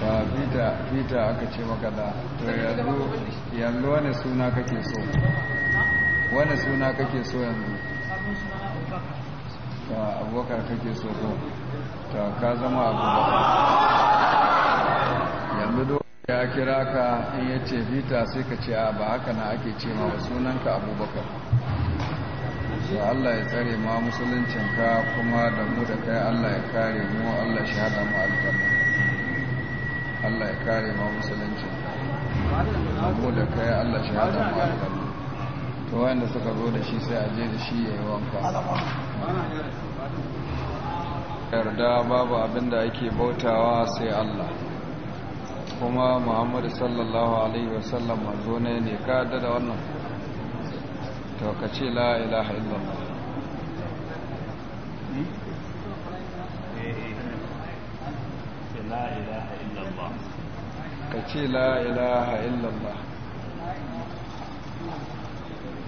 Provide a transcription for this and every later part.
ba fita fita aka ce maka da to yanzu yanzu wani suna kake so wani suna kake so yanzu ta abubakar kake so ko ta ka zama abubakar yanzu do ya kira ka in ya ce fita sai ka ce a ba haka na ake ce ma sunanka abubakar da Allah ya tsare ma musuluncinka kuma da mu da kai Allah ya kare mu Allah shi haɗa mu aljanna Allah ya kare ma musulunci mu da kai Allah shi hada mu to wanda suka zo da shi sai a je da shi ya yi wanka yarda babu abin da ake bautawa sai Allah kuma Muhammadu sallallahu alaihi wasallam manzo ne ne ka da wannan to ka ce la ilaha illallah hmm? eh, eh, eh. la ilaha ka ce la ilaha illallah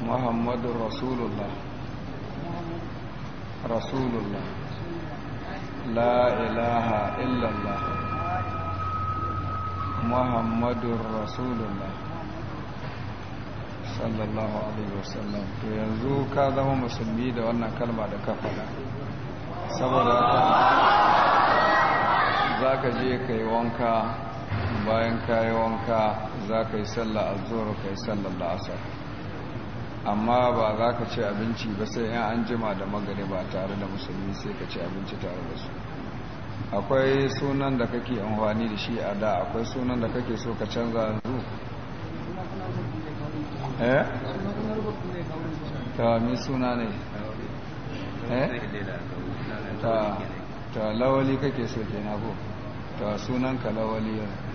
Muhammadu rasulullah rasulullah la ilaha illallah Muhammadu rasulullah sallallahu alaihi wasallam to yanzu ka zama musulmi da wannan kalma da ka faɗa saboda za ka je ka yi wanka bayan kayan wanka za ka yi sallah azhar ka yi sallah la'asar amma ba za ka ci abinci ba sai yan an jima da ba tare da musulmi sai ka ci abinci tare da su akwai sunan da kake amfani da shi a da akwai sunan da kake so ka canza yanzu eh ta mi suna ne eh? ta lawali kake so na ko ta sunan ka lawali yanzu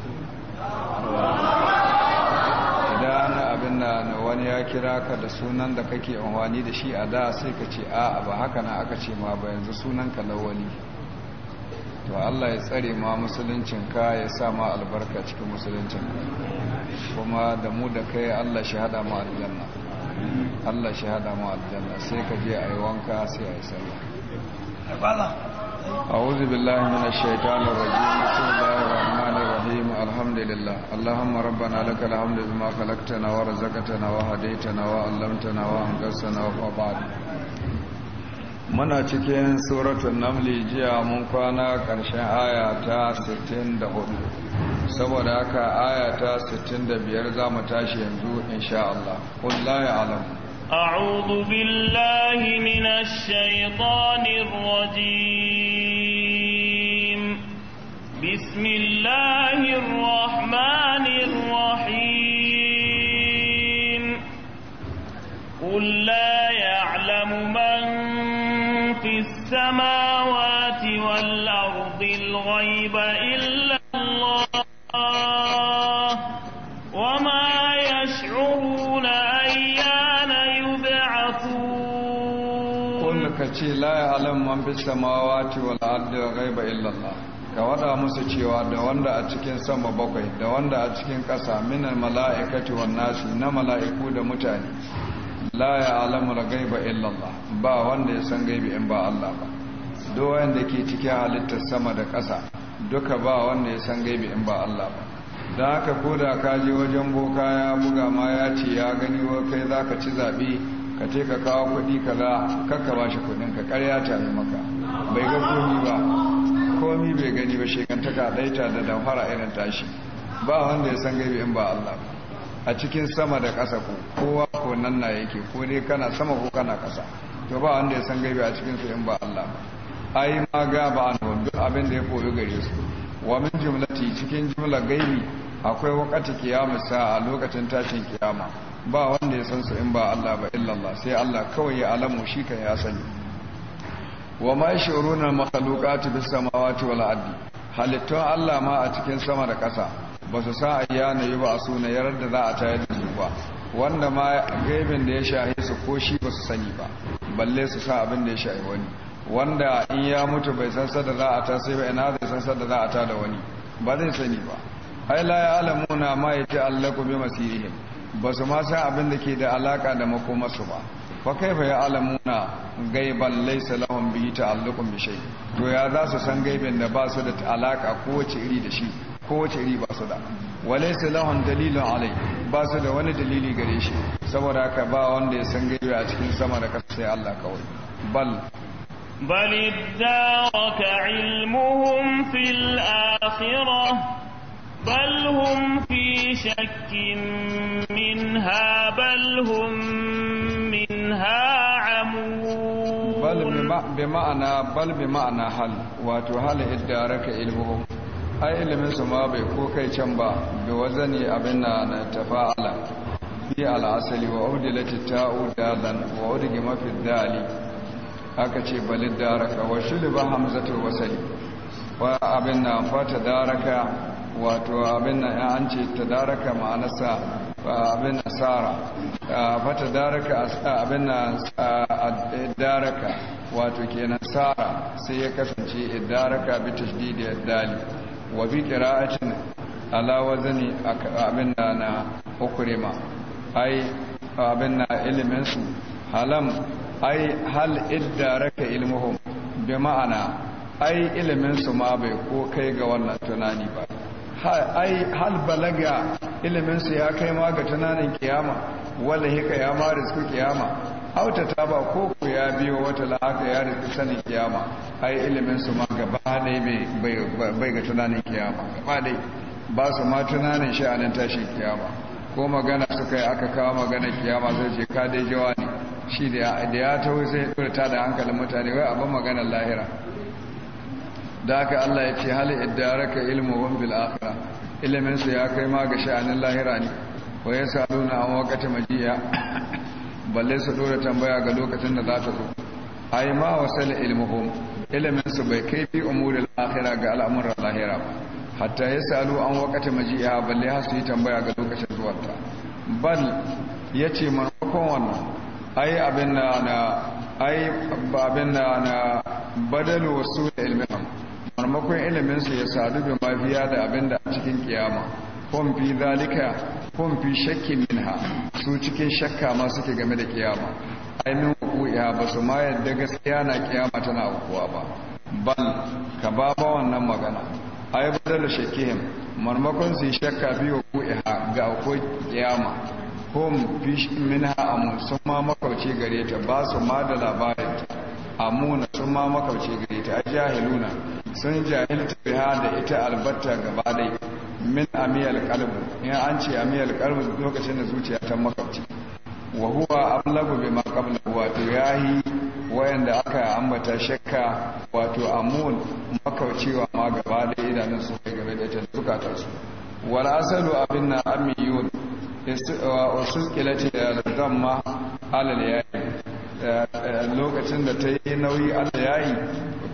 idan abin da wani ya kira ka da sunan da kake amfani da shi a da sai ka ce a ba haka na aka ce ma ba yanzu sunan ka lawali to Allah ya tsare ma musuluncin ka ya sa ma albarka cikin musuluncin kuma da mu da kai Allah shi hada mu aljanna Allah shi hada mu aljanna sai ka je ayi wanka sai ayi sallah أعوذ بالله من الشيطان الرجيم بسم الله الرحمن الرحيم الحمد لله اللهم ربنا لك الحمد بما خلقتنا ورزقتنا وهديتنا وعلمتنا وانقذتنا وبعد muna cikin suratul namli jiya mun kwana ƙarshen aya ta 64 saboda haka aya ta 65 za mu tashi yanzu insha Allah kullahi alam a'udhu billahi minash shaitanir rajim بسم الله الرحمن الرحيم قل لا يعلم من في السماوات والأرض الغيب إلا الله وما يشعرون أيان يبعثون قل لا يعلم من في السماوات والأرض الغيب إلا الله ka wada musu cewa da wanda a cikin sama bakwai da wanda a cikin kasa minan mala'ikati wan nasi na mala'iku da mutane la ya alamu gaiba illallah ba wanda ya san gaibi in ba Allah ba duk wanda ke cikin halittar sama da kasa duka ba wanda ya san gaibi in ba Allah ba da haka koda ka je wajen boka ya buga ma ya ce ya gani wa kai za ka ci zaɓe ka ce ka kawo kuɗi kaza kakka ba shi kuɗin ka ƙarya ta maka bai ga komi ba komi bai gani ba shekantaka daita da damfara irin tashi ba wanda ya san gaibi in ba Allah a cikin sama da ƙasa ko kowa ko nan na yake ko dai kana sama ko kana ƙasa to ba wanda ya san gaibi a cikin su in ba Allah ai ma ga ba an duk abin da ya koyo gare su wa min jumlati cikin jumla gaibi akwai wakati kiyama sa a lokacin tashin kiyama ba wanda ya san su in ba Allah ba illallah sai Allah kawai ya alamu shi kan ya sani wa ma shuruna makhluqatu bis samawati wal ardi halittun Allah ma a cikin sama da ƙasa ba su sa ayyana yi ba suna yarar da za a tayar da su ba wanda ma gaibin da ya shahi su ko shi ba su sani ba balle su sa abin da ya shahi wani wanda in ya mutu bai san sada za a ta sai ba ina zai san sada za a ta da wani ba zai sani ba ai la ya alamuna ma Allah ku bi masirihim ba su ma san abin da ke da alaka da makomarsu ba fa ya alamuna gaiban laysa lahum bihi ta'alluqun bi to ya za su san gaiben da ba su da alaka kowace iri da shi kowace iri ba su da walaysa lahum dalilin alai ba su da wani dalili gare shi saboda haka ba wanda ya san gaibi a cikin sama da kasa sai Allah kawai bal بل ادارك علمهم في الآخرة بل هم في شك منها بل هم bal bi ma'ana bal bi ma'ana hal wato hal iddaraka ilmuhum ai ilimin su ma bai ko kai can ba bi wazani abin na na tafa'ala fi al'asali wa udilat ta'u dalan wa udigi mafi dali aka ce balid daraka wa shulba hamzatul wasali wa abin na fata daraka wato abin na an ce daraka ma'anarsa abin nasara fata daraka abin na daraka wato kenan nasara sai ya kasance daraka bi tashdidi dali wa bi qira'atin ala wazni abin na na ukrima ai abin na ilimin su halam ai hal iddaraka ilmuhum bi ma'ana ai ilimin su ma bai ko kai ga wannan tunani ba ai hal balaga iliminsu ya kai ma ga tunanin kiyama wala hika ya ma rizku kiyama autata ba ko ku ya biyo wata la'aka ya rizku sanin kiyama ai iliminsu ma gaba ne bai ga tunanin kiyama gaba ne ba su ma tunanin sha'anin tashin kiyama ko magana su yi aka kawo magana kiyama zai ce ka dai jawa ne shi da ya tawo sai furta da hankalin mutane wai abin magana lahira da haka Allah ya ce hali ilmu ilmuhum bil akhirah iliminsu ya kai ma ga sha'anin lahira ne ko ya sa'adu na an wakata majiya balle su dora tambaya ga lokacin da za ta zo a yi ma wasali ilmuhum iliminsu bai kai bi da lahira ga al'amuran lahira ba hatta ya sa'adu an wakata majiya balle har su yi tambaya ga lokacin zuwanta bal ya ce maimakon wannan ai abin na ai abin na badalo wasu da ilmiham marmakon su ya sadu da mafiya da abin da a cikin kiyama kun fi zalika kun fi min minha su cikin shakka ma suke game da kiyama ainihin hukuya ba su ma yadda gaskiya na kiyama tana hukuwa ba bal ka ba ba wannan magana ai badar da shakkihin, marmakon su yi shakka fi wa kuya ga akwai kiyama kun fi minha mun sun ma makauce gare ta ba su ma da labarin mun sun ma makauce gare ta a jahiluna sun jahilta biha da ita albatta gaba dai min amiyar qalbu ya an ce amiyar qalbu lokacin da zuciya ta makwabci wa huwa ablagu ma qabla wato yahi wayanda aka ambata shakka wato amun makaucewa ma gaba da idanun su kai game da ita zukatan su wal asalu abin na amiyun wa usul kilati da zamma alal yayi Eh, lokacin da ta yi nauyi Allah ya yi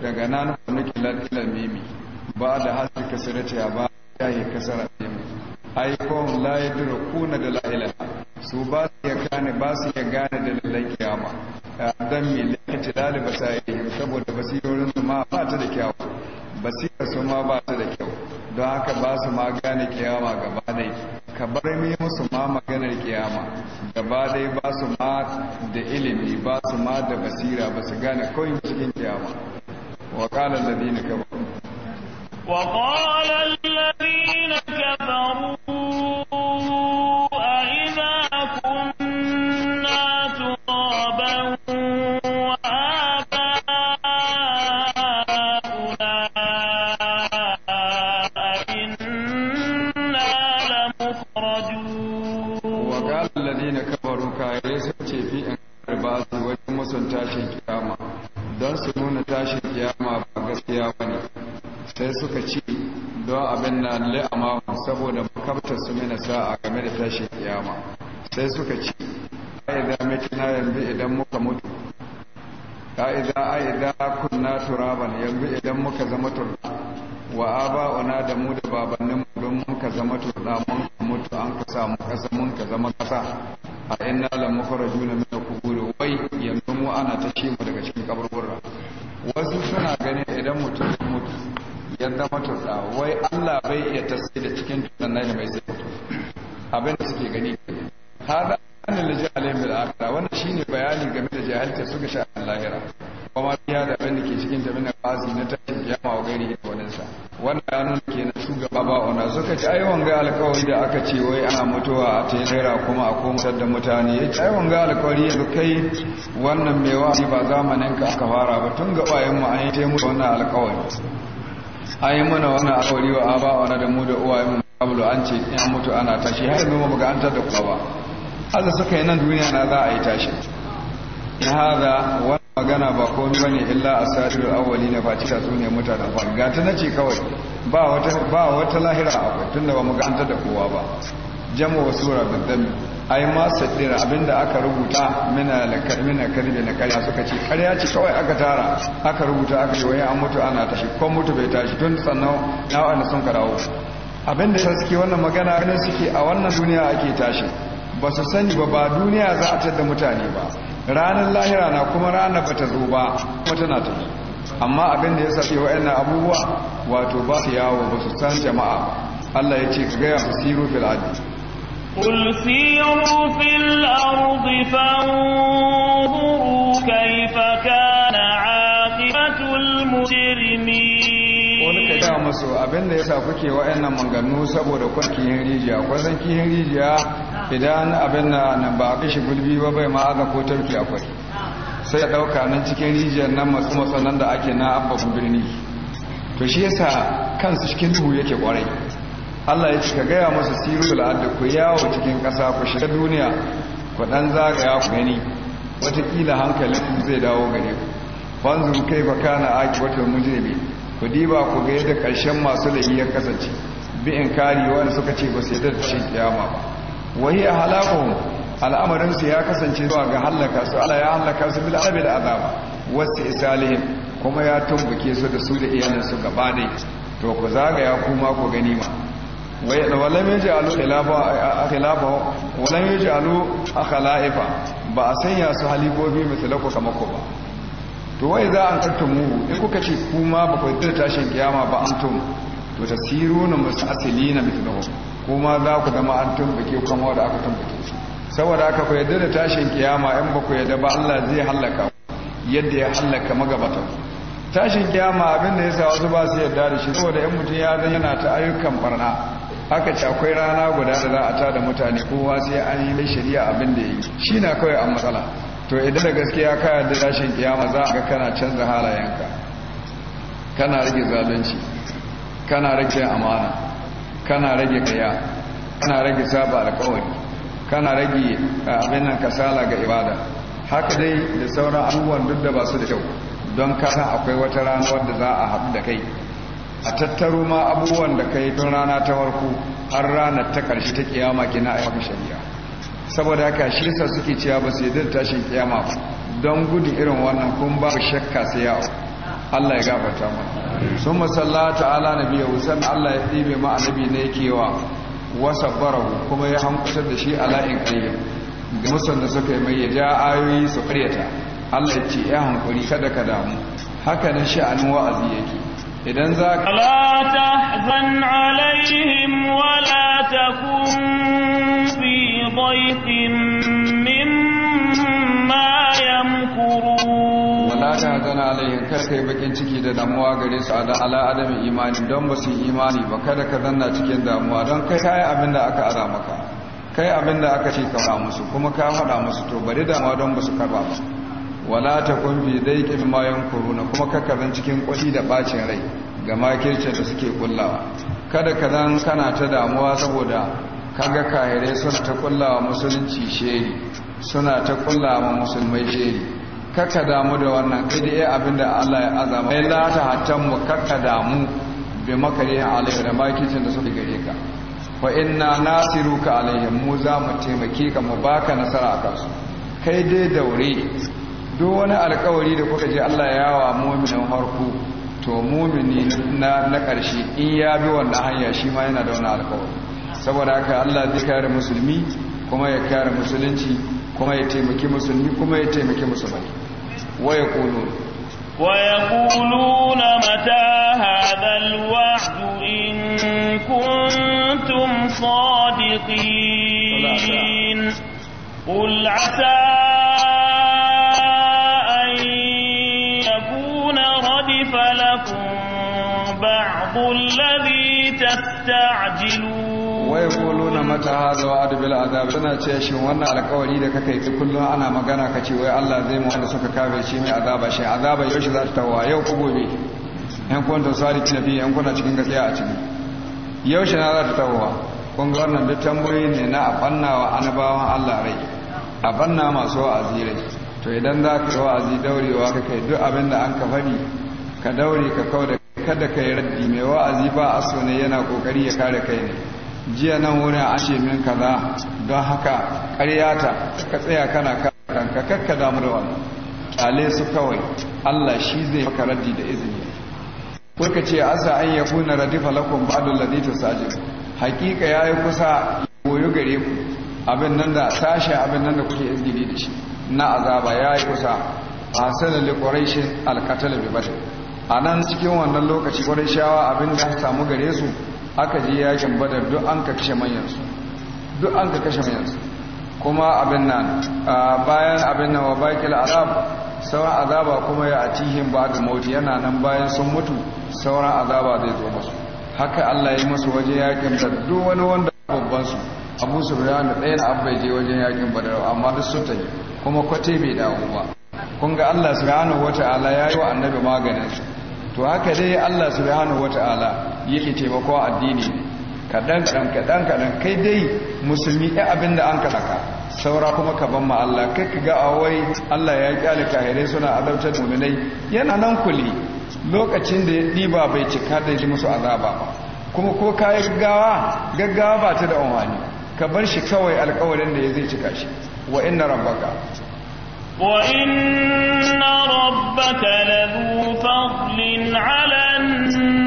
daga nan nuke lalila mimi ba da hasi kasar ya ba ya yi kasara mimi aikon layi duro kuna da la'ila su ba su ya gane ba su ya gane da lallan kiyama eh, don mai lakita lalibasa sa yi saboda basirorin ma ba ta da kyau. basirar su ma ba ta da kyau don haka ba su ma gane kiyama gaba dai ka bar mi musu ma maganar kiyama gaba dai ba su ma da ilimi ba su ma da basira ba su gane kawai cikin kiyama wa qala alladhina kafaru wa da alladhina kafaru don su nuna tashin kiyama ba gaskiya ba ne sai suka ci don abin na la'ama saboda makamtar su mina a game da tashin kiyama sai suka ce miki mitina yanzu idan muka mutu ka'ida a idan kunna turaban yanzu idan muka zama turba wa aba'una da mu da babannin don muka zama turba mun mutu an kasa mu kasa mun ka zama kasa a inna lam mukhrajuna min kubur bai yanzu mu ana ta shi mu daga cikin kaburbura wasu suna ganin idan mutum ya mutu ya zama wai Allah bai iya tasiri da cikin tunan nan mai zai mutu abin da suke gani hada anil jahilin bil akhirah wannan shine bayani game da jahilta suka sha lahira kuma ya da abin da ke cikin tamin al'asi na tashin kiyama wa gairi da sa. wannan ya nuna kenan shugaba ba wanda suka ci ai wanga alkawari da aka ce wai ana mutuwa a ta naira kuma a koma da mutane ya ci ai wanga alkawari yanzu kai wannan mai wa ba zamanin ka aka fara ba tun gabayen mu an yi mutu wannan alkawari an yi mana wannan alkawari wa aba ona da mu da uwaye mu kabulu an ce in mutu ana tashi har yanzu ba mu ga an tada kuma ba Allah suka yi nan duniya na za a yi tashi na hada wani magana ba komi bane illa a sadirar awali na fatika su ne mutanen ba ga ta nace kawai ba wata lahira akwai tun da ba mu ganta da kowa ba jama wa sura a ai ma saddira abinda aka rubuta mina na kalbi na karya suka ce karya ce kawai aka tara aka rubuta aka ce wai an mutu ana tashi ko mutu bai tashi tun sannan na wani sun karawo abinda ta suke wannan magana ganin suke a wannan duniya ake tashi ba su sani ba ba duniya za a tada mutane ba ranar lahira na kuma rana bata ta zo ba kuma tana ta amma abin da ya wa wa'annan abubuwa wato ba su yawo ba su san jama'a Allah ya ce ka gaya su siru fil ardi fil سيروا في الأرض فانظروا كيف كان عاقبة المجرمين wani ka gaya musu abin da ya sa kuke wa'annan manganu saboda kwan kihin rijiya rijiya idan abin na nan ba a kashe gulbi ba bai ga ko tarki akwai sai ya ɗauka nan cikin rijiyar nan masu masanan da ake na abbakun birni to shi yasa kansu cikin duhu yake kwarai Allah ya cika gaya masu siru da la'adda ku yawo cikin kasa ku shiga duniya ku dan zagaya ku gani watakila hankalin zai dawo gare ku banzu kai ba kana aki wata mujribi ku diba ku ga yadda karshen masu lahi ya kasance bi in kari wanda suka ce ba su yadda da shi kiyama ba a halakun al'amarinsu ya kasance zuwa ga hallaka su Ala ya hallaka su bil azabi da azaba wasu isalihin kuma ya tumbuke su da su da iyalinsu gaba ne to ku zagaya kuma ku ganima walam yaj'alu khilafa alu yaj'alu akhlaifa ba a sanya su halibobi misalako kamar ku ba to wai za an tattumu in kuka ce kuma ba ku tashin kiyama ba antum to tasiruna musassilina misalako kuma za ku zama an tumbuke kuma wanda aka tumbuke su saboda aka ku yadda da tashin kiyama in ba ku yadda ba Allah zai hallaka yadda ya hallaka magabata tashin kiyama abin ya sa wasu ba su yadda da shi saboda yan mutum ya zan yana ta ayyukan barna aka ce akwai rana guda da za a tada mutane kowa sai an yi mai shari'a abin da ya yi shi na kawai a matsala to idan da gaskiya ka yarda tashin kiyama za a ga kana canza halayenka kana rage zalunci kana rage amana kana rage kaya kana rage saba alkawari kana rage eh, abin nan kasala ga ibada haka dai da sauran abubuwan duk da ba su da kyau don kasa akwai wata rana wadda za a haɗu da kai a tattaro ma abubuwan da kai tun rana ta farko har rana ta ƙarshe ta kiyama kina a yawan shari'a saboda haka shi sa suke cewa ba su yi tashin kiyama don gudun irin wannan kun ba shakka sai ya Allah ya gafarta mana sun masalla ala na biya Allah ya ɗibe ma annabi ne kewa wasa barahu kuma ya hankutar da shi ala'in ga musan da suka yi mai ya ja ayoyi su karyata Allah ya ce ya hankuri kada ka damu haka shi sha'anin wa'azi yake idan za ka la tahzan alaihim wa la takun fi dhayqin mimma yamkurun ta zana alaihim ka yi bakin ciki da damuwa gare su ala ala adamin imani don ba su yi imani ba kada ka zanna cikin damuwa don kai yi abin da aka ara maka kai abin da aka ce ka musu kuma ka faɗa musu to bari damuwa don ba su karba ba wala ta kun fi daikin mayan kuruna kuma kakazan cikin kwali da bacin rai ga makirce da suke kullawa kada ka zan kana ta damuwa saboda kaga kahirai suna ta kullawa musulunci sheri suna ta kullawa musulmai shehi kaka damu da wannan kai da iya abin da Allah ya azama kai la ta hatan mu kaka damu bi makari alaihi da baki makicin da suka gare ka fa inna nasiruka alaihi mu za mu taimake ka mu baka nasara a kansu kai dai daure duk wani alkawari da kuka je Allah ya yawa mu'minin harku to mu'mini na na karshe in ya bi wannan hanya shi ma yana da wani alkawari saboda haka Allah zai kare musulmi kuma ya kare musulunci kuma ya taimaki musulmi kuma ya taimaki musulmai ويقولون ويقولون متى هذا الوعد إن كنتم صادقين قل عسى أن يكون ردف لكم بعض الذي تستعجلون ta hazo adabil azab suna ce shi wannan alkawari da kaka yi kullum ana magana ka ce wai Allah zai mu wanda suka shi mai azaba shi azaba yau shi za ta tawa yau ku gobe yan kwanta saliki na biyu yan kuna cikin gaskiya a cikin yau shi na za ta tawa kun ga wannan duk tambayoyi ne na abanna wa annabawan Allah rai abanna masu wa'azi rai to idan za ka yi wa'azi daurewa ka kai duk abin da an ka faɗi ka daure ka kawo da kada ka yi raddi mai wa'azi ba a so ne yana kokari ya kare kai ne jiya nan wurin an ce min kaza don haka karyata ka tsaya kana karan ka kakka damu da kyale su kawai Allah shi zai maka raddi da izini kuka ce asa an ya kuna raddi falakon ba'du ladita sajin hakika ya yi kusa goyo gare ku abin nan da abin nan da kuke izini da shi na azaba ya yi kusa a li quraish al ba bi A nan cikin wannan lokaci shawa abin da samu gare su aka ji yakin badar duk an ka kashe manyansu duk an ka kashe manyansu kuma abin nan bayan abin nan wa bakil azab sauran azaba kuma ya atihin ba da mauti yana nan bayan sun mutu sauran azaba zai zo musu haka Allah ya musu waje yakin da duk wani wanda babban su Abu Sufyan da ɗayan abbai je wajen yakin Badar amma duk sun tafi kuma kwate bai dawo ba kun ga Allah subhanahu wata'ala ya yi wa annabi maganin shi. to haka dai Allah subhanahu wataala yake taimako addini kadan kaɗan kadan kadan kai dai musulmi ɗaya abin da an ka saura kuma ka ban ma Allah kai ka ga awai Allah ya kyale kahirai suna azabtar muminai yana nan kuli lokacin da ya ɗiba bai cika da ji musu azaba ba kuma ko ka yi gaggawa gaggawa ba ta da umarni ka bar shi kawai alkawarin da ya zai cika shi wa inna rabbaka وإن ربك لذو فضل على الناس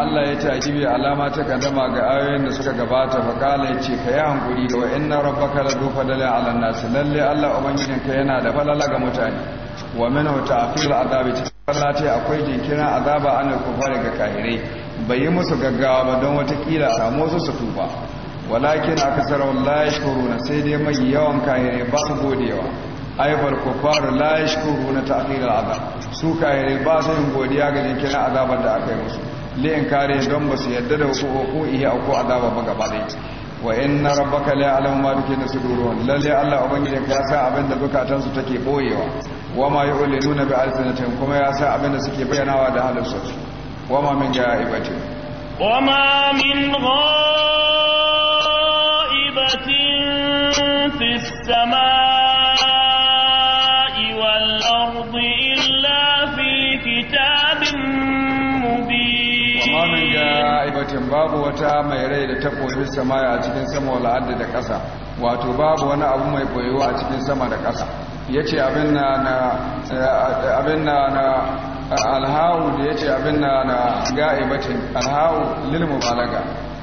Allah ya taki bi alama ta kadama ga ayoyin da suka gabata fa kala ya ce ka yi hankuri da wa'in na rabbaka la dufa ala su lalle Allah ubangijinka yana da falala ga mutane wa min huta afil azabi cikin fallate akwai jinkirin azaba an kufar ga kahirai bai yi musu gaggawa ba don watakila a samu su su tuba walakin a la yashkuruna sai dai mai yawan kahirai ba su godewa aibar la yashkuruna su kahirai ba su yin godiya ga jinkirin azabar da aka yi musu liyan kare don ba su yadda da hukuku iya ko azaba ba gaba ɗaya wa in na rabbaka la alamu ma duke na suduruhum lalle Allah ubangijin ka sa abin da bukatan su take boyewa wa ma yu'linuna bi alsanatin kuma ya sa abin da suke bayyanawa da halin su wa ma min ga'ibatin wa ma min ghaibatin fis samaa babu wata mai rai da ta koyi samaya a cikin sama wal ardi da ƙasa wato babu wani abu mai koyuwa a cikin sama da ƙasa yace abin na na eh, abin na na alhawu da ya ce abin na na ga'ibatin alhawu lil mubalaga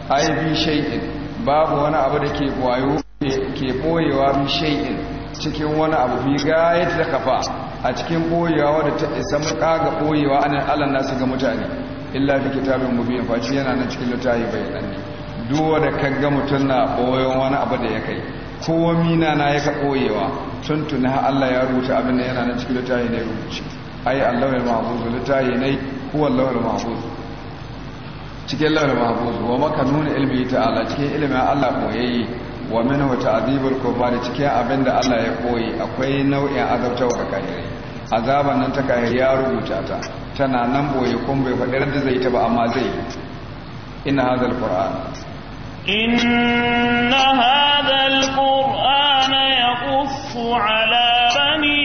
ai bi shay'in babu wani abu da ke koyo ke koyewa bi shay'in cikin wani abu bi ga'ayat da kafa a cikin koyewa wadda ta isa muka ga koyewa anan alanna nasu ga mutane illa da kitabin mubin faci yana nan cikin littafi bai bayananne duwa da ga mutum na boyon wani abu da ya kai kowa mina na ya ka boyewa tun tuni Allah ya rubuta abin da yana nan cikin littafi ne rubuci ai Allah ya mahfuz littafi ne ko Allah ya mahfuz cikin Allah ya mahfuz wa makanun ilmi ta'ala cikin ilimin Allah boyayye wa minhu ta'dibul kufar cikin abin da Allah ya koyi akwai nau'in azabtawa kafirai azaban nan ta kafirai ya rubuta ta tana nan boye kun bai faɗi da zai ta ba amma zai inna hadal qur'an inna hadal qur'an yaqussu ala bani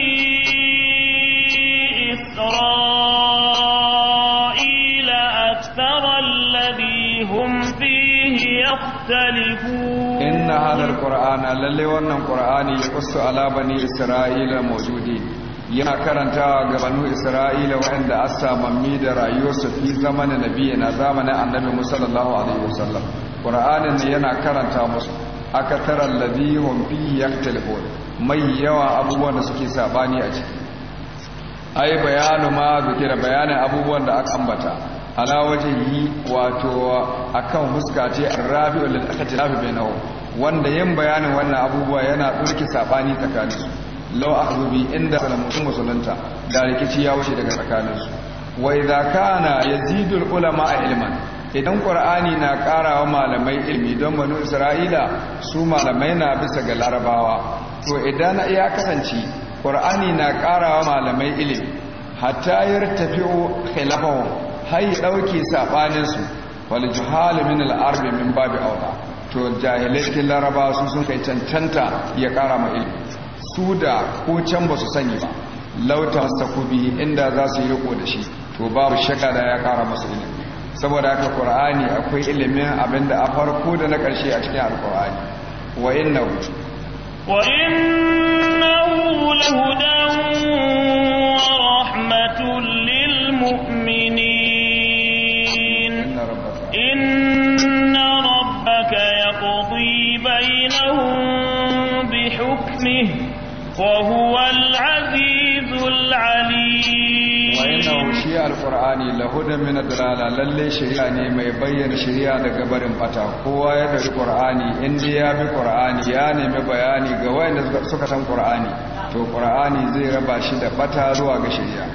isra'ila أكثر alladhi hum fihi يختلفون inna هذا qur'an lalle wannan qur'ani yaqussu ala bani isra'ila mawjudin yana karanta ga banu isra'ila waɗanda a mammi da rayuwarsu fi zamanin nabiya na zamanin annabi musallallahu alaihi wasallam qur'anin ne yana karanta musu aka tara ladihun fi yaktalifon mai yawa abubuwan da suke sabani a ciki ai bayanu ma zuke da bayanin abubuwan da aka ambata ala wajen yi wato akan huska ce arrabi'ul lil akhtilaf bainahu wanda yin bayanin wannan abubuwa yana turki sabani tsakaninsu law ahzubi inda salamu musulunta da rikici ya wuce daga tsakaninsu wa idza kana yazidul ulama ilman idan qur'ani na karawa malamai ilmi don banu isra'ila su malamai na bisa ga larabawa to idan ya kasance qur'ani na karawa malamai ilmi hatta yartafi'u khilafahum hay dauke sabanin su wal juhal min al arbi min babi aula to jahilai cikin larabawa su sun kai cancanta ya kara ma ilmi su da ko can ba su sani ba lauta ta kubi inda za su yi riko da shi to babu shaka da ya kara masu ilimin saboda haka qur'ani akwai ilimin abinda a farko da na ƙarshe a cikin alqur'ani wa innahu wa innahu lahudan wa rahmatul lil وهو العزيز العليم وإنه شيء القرآن لهدى من الدلالة للي شريعني ما يبين شريع دقبر فتا هو يدى القرآن انديا بقرآن يعني مبياني قوين سكة قرآني تو قرآني زي ربا شدة فتا روا شريع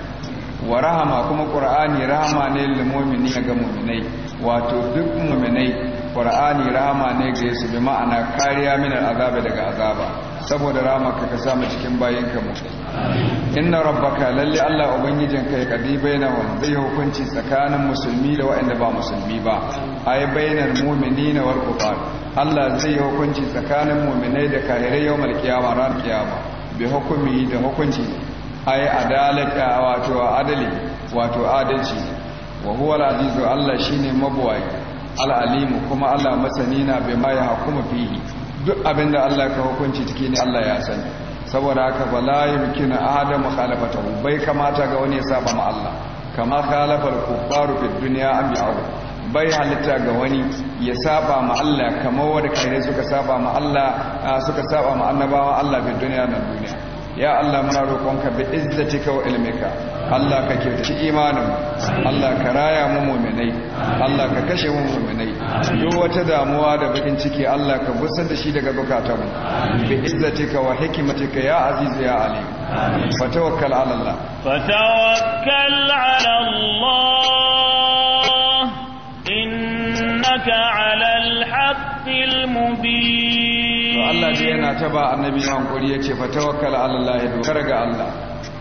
wa rahama kuma ƙura'ani rahama ne lilmomini ga muminai wato duk muminai ƙura'ani rahama ne ga yasu bi ma'ana kariya minar azaba daga azaba saboda rama ka samu cikin bayan ka mu inna rabbaka lalle Allah ubangijin kai kadi wa zai hukunci tsakanin musulmi da waɗanda ba musulmi ba ai bainar mu'minina wal kufar Allah zai hukunci tsakanin mu'minai da kafirai yawmal qiyamah ran Kiyama. bi hukumi da hukunci ai adalaka wato adali wato adalci wa huwa al-azizu Allah shine mabuwai al-alimu kuma Allah masani na bai ma ya hukuma fihi duk abin da Allah ka hukunci ciki ne Allah ya sani saboda haka ba la yumkinu adam khalafatahu bai kamata ga wani ya saba ma Allah kama khalafal kufaru fid dunya am bi'u bai halitta ga wani ya saba ma Allah kamar wanda kai suka saba ma Allah suka saba ma annabawa Allah fid dunya na duniya ya Allah muna roƙonka bi izzatika wa ilmika Allah ka kirci imanin Allah ka raya mu mu'minai Allah ka kashe mu mu'minai duk wata damuwa da bakin ciki Allah ka busar da shi daga bukatanmu bi izzatika wa hikmatika ya aziz ya alim fa tawakkal ala Allah fa tawakkal ala Allah innaka ala al-haqqil mubin to Allah dai yana ta ba annabi hankuri yace fa tawakkal ala Allah dogara ga Allah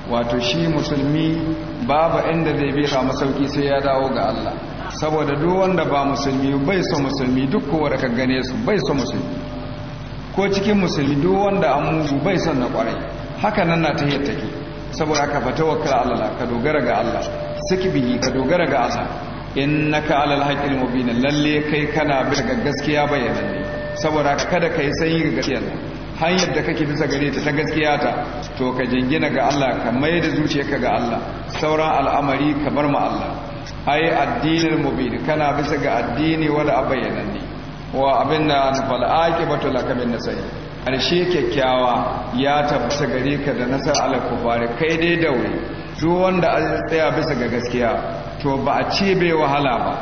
wato shi musulmi babu inda zai bi ka masauki sai ya dawo ga Allah saboda duk wanda ba musulmi bai so musulmi duk kowa da ka gane su bai so musulmi ko cikin musulmi duk wanda an mugu bai son na kwarai haka nan na tahiyar take saboda ka fa tawakkal ala Allah ka dogara ga Allah bihi ka dogara ga Allah innaka alal haqqil mubin lalle kai kana bi ga gaskiya bayyana ne saboda kada ka yi sanyi ga gaskiyar hanyar da kake bisa gare ta ta gaskiya ta to ka jingina ga Allah ka mai da ka ga Allah sauran al'amari kamar bar ma Allah ai addinin mubin kana bisa ga addini wala a bayyananne wa abin da aqibatu laka min nasai karshe kyakkyawa ya tabbata gare ka da nasar ala kufari kai dai da wuri duk wanda an tsaya bisa ga gaskiya to ba a ce bai wahala ba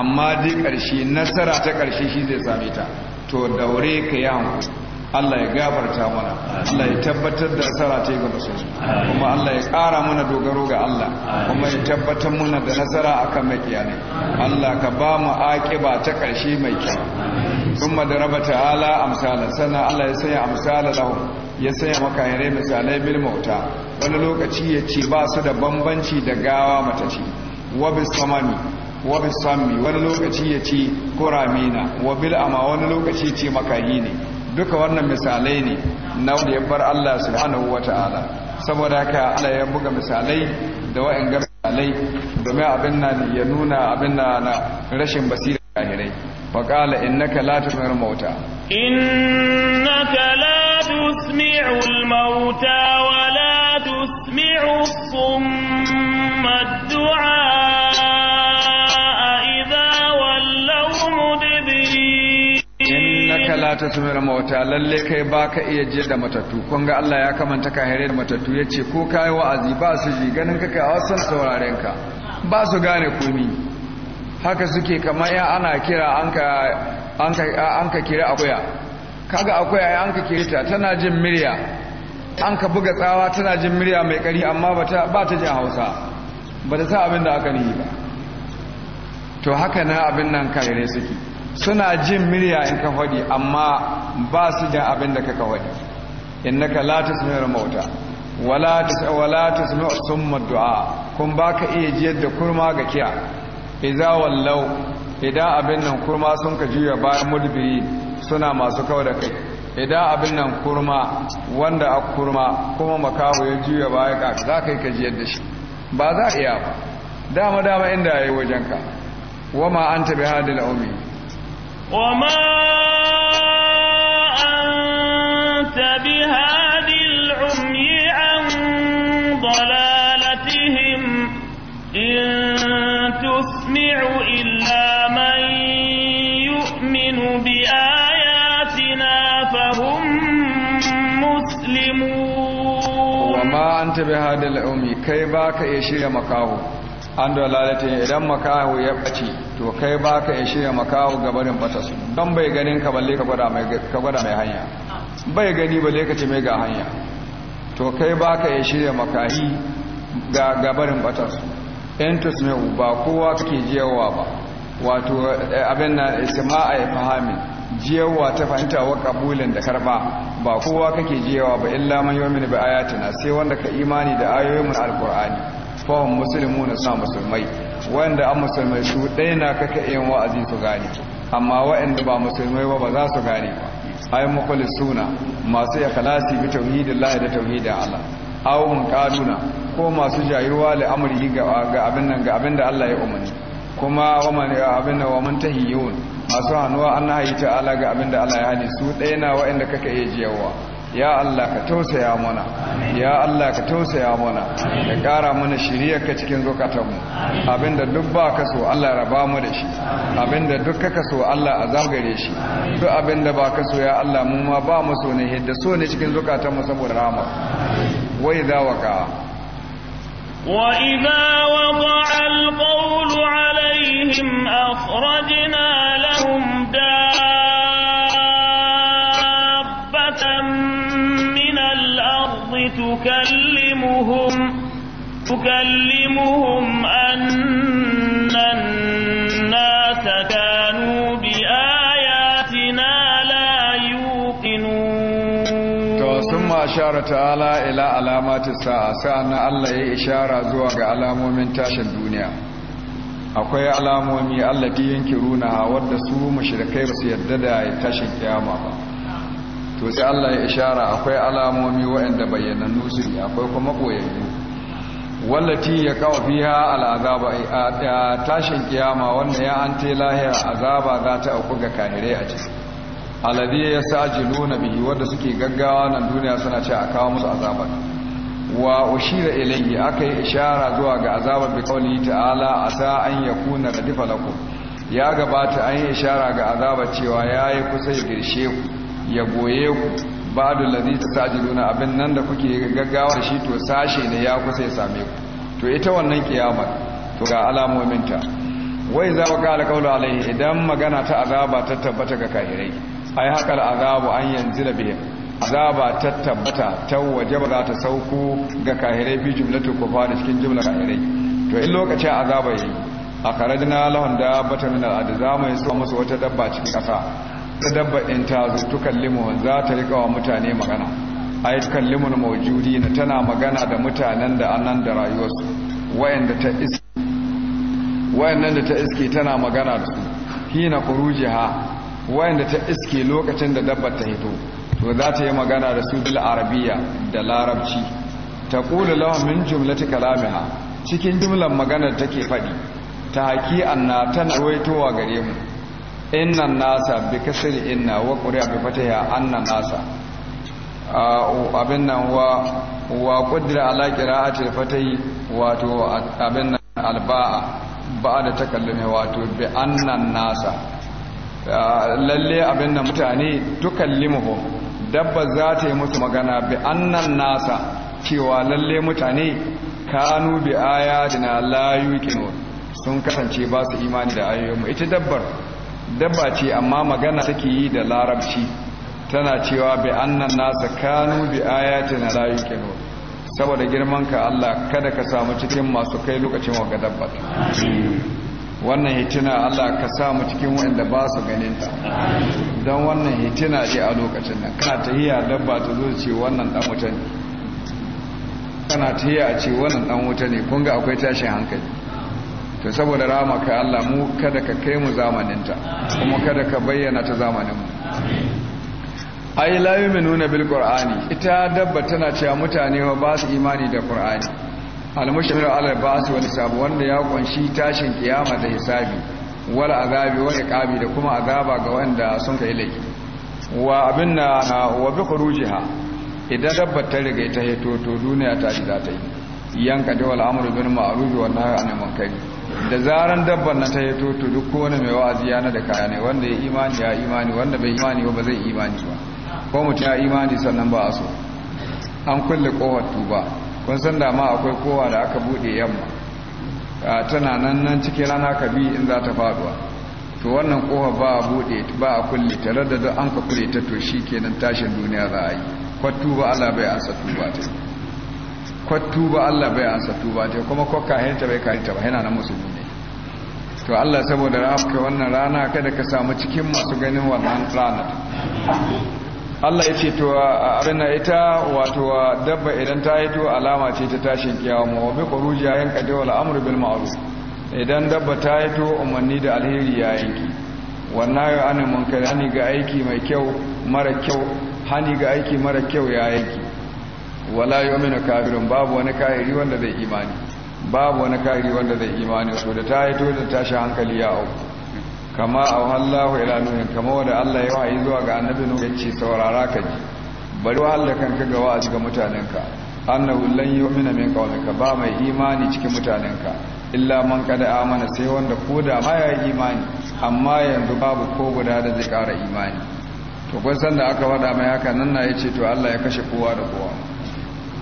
amma dai karshe nasara ta karshe shi zai same ta to daure ka yi hankali Allah ya gabarta mana Allah ya tabbatar da nasara ta ga musulmi kuma Allah ya ƙara mana dogaro ga Allah kuma ya tabbatar mana da nasara akan makiyane Allah ka ba mu akiba ta ƙarshe mai kyau kuma da raba ta'ala amsala sana Allah ya sanya amsala lahu ya saya maka yare misalai bil mauta wani lokaci ya ce ba su da bambanci da gawa matace wa bis samani wa bisammi wani lokaci ya ce kuramina wa ama wani lokaci ce makahi ne duka wannan misalai ne na wanda ya bar Allah subhanahu wata'ala saboda haka Allah ya buga misalai da wa'in ga misalai domin abin na ya nuna abin na rashin basira kahirai faƙala innaka la tusmi'ul mauta innaka la mauta wa la summa du'a la tatmir mawata lalle kai ba ka iya je da matattu kwanga Allah ya kamanta ka hare da matattu ya ce ko kayi wa'azi ba su ji ganin ka kai wasan sauraren ka ba su gane kumi haka suke kama ya ana kira an ka kira akuya kaga akuya ya kira ta tana jin murya ka buga tsawa tana jin murya mai kari amma ba ta jin Hausa ba ta sa abin da aka ni ba to haka na abin nan kare suke suna jin murya in ka faɗi amma ba su jin abin da kaka faɗi innaka la tusmi'ul mauta wala wala tusmi'u summa du'a kun baka iya jiyar da kurma ga kiya idza wallau idan abin nan kurma sun ka juya bayan mudbiri suna masu kawo da kai idan abin nan kurma wanda a kurma kuma makaho ya juya baya ka za ka yi ka jiyar da shi ba za a iya ba dama dama inda ya yi wajenka ma an tabi hadil la'umi وما أنت بهاد العمي عن ضلالتهم إن تسمع إلا من يؤمن بآياتنا فهم مسلمون وما أنت بهاد العمي كيف باك يشير مكاهو an dalalatin idan makahu ya ɓace to kai ba ka ya shirya makahu gabarin su don bai ganin ka balle ka gwada mai hanya bai gani balle ka ce mai ga hanya to kai ba ka ya shirya makahi ga gabarin su in tusmihu ba kowa kake jiyawa ba wato eh, abin na isma'a ya fahami jiyawa ta fahimta wa kabulin da karba ba kowa kake jiyawa ba illa man yu'minu ba ayatina sai wanda ka imani da ayoyin alkur'ani fahim musulmi na sa musulmai wanda an musulmai su ɗaya na kaka yin wa'azi su gane amma wa'anda ba musulmai ba ba za su gane ba ai mukhlis suna masu kalasi bi tauhidillahi da tauhidin Allah aw Kaduna ko masu jayuwa da amrihi ga abin nan ga abin da Allah ya umarni kuma wa man abin nan wa man tahiyun masu hanuwa an hayi ta'ala ga abin da Allah ya hani su ɗaya na wa'anda kaka iya jiyawa ya Allah ka tausaya mana ya Allah ka tausaya mana ka ƙara mana ka cikin zukatanmu abinda duk ba ka so Allah raba mu da shi abinda duk ka so Allah a zagare shi duk abinda ba ka so ya Allah mu ma ba mu so ne hidda so ne cikin zukatanmu saboda rahama wai za waka وإذا وضع القول عليهم أخرج تكلمهم أن الناس كانوا بآياتنا لا يوقنون ثم أشار تعالى إلى علامات الساعة سألنا الله إشارة زواج علامة من تاش الدنيا akwai alamomi Allah allati yankiruna wadda su mashirkai ba su yadda da ya tashi kiyama ba to sai Allah ya ishara akwai alamomi waɗanda bayyanannu nusuri akwai kuma koyayyu wallati ya kawo fiha al'azaba eh, a tashin kiyama wanda ya an te lahira azaba za ta auku ga kahirai a ciki alladhi nuna biyu wadda suke gaggawa nan duniya suna ce a kawo musu azaba wa ushira aka yi ishara zuwa ga azaba bi qawli ta'ala asa an yakuna radifa lakum ya gabata an yi ishara ga azaba cewa yayi kusa ya girshe ku ya goye ku ba'du allazi tasajiluna abin nan da kuke gaggawa da shi to sashe ne ya kusa ya same ku to ita wannan kiyama to ga alamominta wai za ka ga kaulu alaihi idan magana ta azaba ta tabbata ga kahirai ai haka azabu an yanzu da bihin azaba ta tabbata ta waje ba za ta sauko ga kahirai bi jumlatu fara cikin jumlar kahirai to in lokacin azaba yayi akarajna lahum da min al'adu za mu yi musu wata dabba cikin kasa ta dabba in ta zo tukallimu za ta rika wa mutane magana a yi na maujudi na tana magana da mutanen da annan da rayuwarsu wayan da ta iske tana magana da su hina wayan da ta iske lokacin da dabba ta hito to za ta yi magana da su bil arabiya da larabci ta kula lahum min jumlati kalamiha cikin jumlan maganar take faɗi ta haƙi anna tana waitowa gare mu inna nasa bi kasri inna wa qura bi fataha anna nasa abin nan wa wa qudra ala qira'ati fatahi wato abin nan alba'a ba da takallumi wato bi anna nasa lalle abin nan mutane tukallimuhu dabba za ta yi musu magana bi annan nasa cewa lalle mutane kanu bi ayatina la yuqinun sun kasance ba su imani da ayoyinmu ita dabbar dabba ce amma magana take yi da larabci tana cewa bi annan nasa kanu bi ayatina la yuqinu saboda girman ka Allah kada ka samu cikin masu kai lokacin wa dabba wannan hitina Allah ka samu cikin wanda ba su ganin ta don wannan hitina ce a lokacin nan kana tahiya dabba ta zo ce wannan dan wuta ne kana tahiya a ce wannan dan wuta ne kun ga akwai tashin hankali to saboda rama kai Allah mu kada ka kai mu zamaninta kuma kada ka bayyana ta zamaninmu ai la yu'minuna bil qur'ani ita dabba tana cewa mutane ba su imani da qur'ani al-mushmir ala ba'si wal sabu wanda ya kunshi tashin kiyama da hisabi wal azabi wa iqabi da kuma azaba ga wanda sun kai laifi wa abinna wa bi khurujiha idan dabba ta riga ta hito to duniya ta ji za ta yi yanka da wal amru bil ma'ruf wa nahy anil munkar da zaran dabban na ta yato to duk kowane mai wa'azi ya na da kaya ne wanda ya imani ya imani wanda bai imani ba zai imani ba ko mutum ya imani sannan ba a so an kulle kowar tuba kun san da ma akwai kowa da aka bude yamma tana nan nan cikin rana ka bi in za ta faduwa to wannan kowar ba a bude ba a kulle tare da an ka kulle ta to shi kenan tashin duniya za a yi ba Allah bai ansa tuba ta kwattu ba Allah bai ansa tuba ta kuma kokka hinta bai karinta ba yana nan musulmi ne to Allah saboda rafka wannan rana kada ka samu cikin masu ganin wannan rana. Allah ya ce to abin ita wato dabba idan ta yi to alama ce ta tashin kiyawa mu wa bi qurujiya yanqadi wal amru bil ma'ruf idan dabba ta yi to umarni da alheri ya yanki wannan ya ana munkarani ga aiki mai kyau mara kyau hani ga aiki mara kyau ya yanki wala yu'minu kafirun babu wani kafiri wanda zai imani babu wani kafiri wanda zai imani so da ta to da tashi hankali ya au kama au Allahu ila nuhin kama wanda Allah ya wahayi zuwa ga annabi nuhu yace saurara ka ji bari wahala kanka ga wa'azi ga mutanenka annahu lan yu'mina min qawmika ba mai imani cikin mutanenka illa man kada amana sai wanda koda ma ya imani amma yanzu babu ko guda da zai kara imani to kun san da aka wada mai haka nan na yace to Allah ya kashe kowa da kowa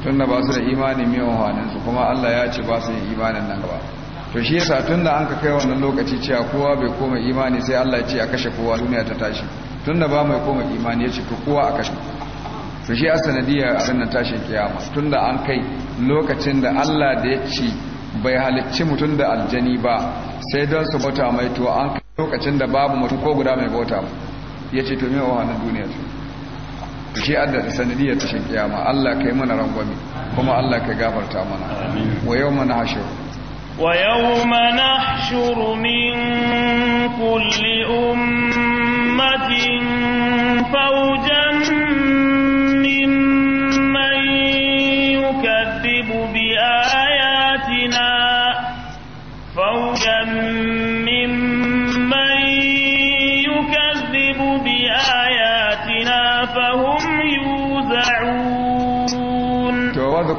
tunda ba su da imani mai wahaninsu kuma Allah ya ce ba su yi imanin nan gaba to shi yasa tunda an ka kai wannan lokaci cewa kowa bai koma imani sai Allah ya ce a kashe kowa duniya ta tashi tunda ba mai koma imani ya ce to kowa a kashe to shi asanadiya a nan tashin kiyama tunda an kai lokacin da Allah da ya ce bai halicci mutum da aljani ba sai don su bauta mai to an kai lokacin da babu mutum ko guda mai bauta ya ce to me wahanin duniya ke adda sanadiyar tashin kiyama Allah kai mana rangwame kuma Allah ka gafarta mana wa yau mana hashir wa yau mana shuru min kulli ummatin fawo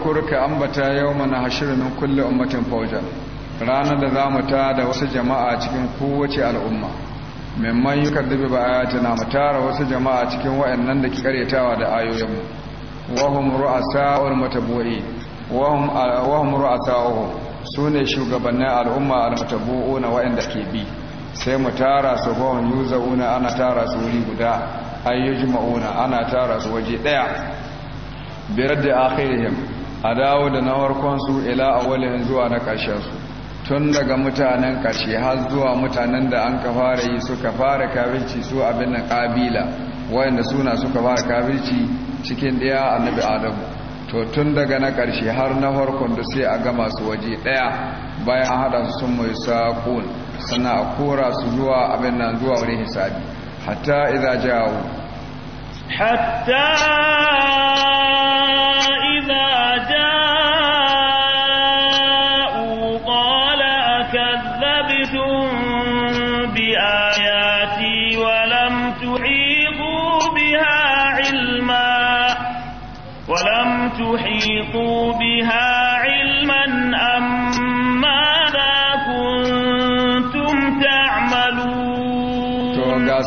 wadhkur ka ambata yawma nahshuru min ummatin fawjan ranar da zamu ta da wasu jama'a cikin kowace al'umma mimman yukadibu bi ayatina mu tara wasu jama'a cikin wayannan da ke karyatawa da ayoyin shugabannin al'umma al ke bi sai mu tara su bawon yuzauna ana guda ayyujma'una ana tara su daya akhirihim a dawo da na farkonsu ila awalin zuwa na su tun daga mutanen ƙarshe har zuwa mutanen da an ka fara yi suka fara kafirci su abin na ƙabila wayanda suna suka fara kafirci cikin ɗaya annabi adamu to tun daga na karshe har na farkon da sai a gama su waje ɗaya bayan haɗa su sun mai saƙon suna a kora su zuwa abin nan zuwa wani hisabi hatta idza jawo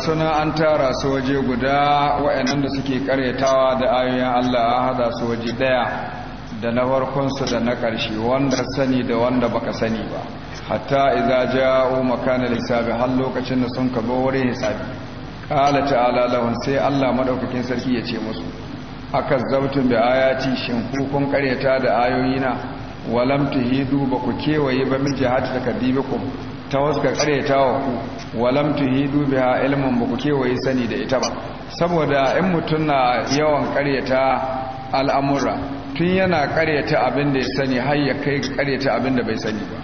suna an tara su waje guda wa'annan da suke karyatawa da ayoyin Allah a hada su waje daya da na farkonsu da na ƙarshe wanda sani da wanda baka sani ba hatta idza ja'u makana lissafi har lokacin da sun kaba wurin hisabi qala ta'ala lahum sai Allah madaukakin sarki ya ce musu aka akazzabtum bi ayati shin ku kun karyata da ayoyina walam tuhidu ba ku kewaye ba min jihati takadibikum ta waska karyata wa ku yi dubi ha ilimin ba ku kewaye sani da ita ba saboda in mutum na yawan karyata al'amura tun yana karyata abin da ya sani har ya kai karyata abin da bai sani ba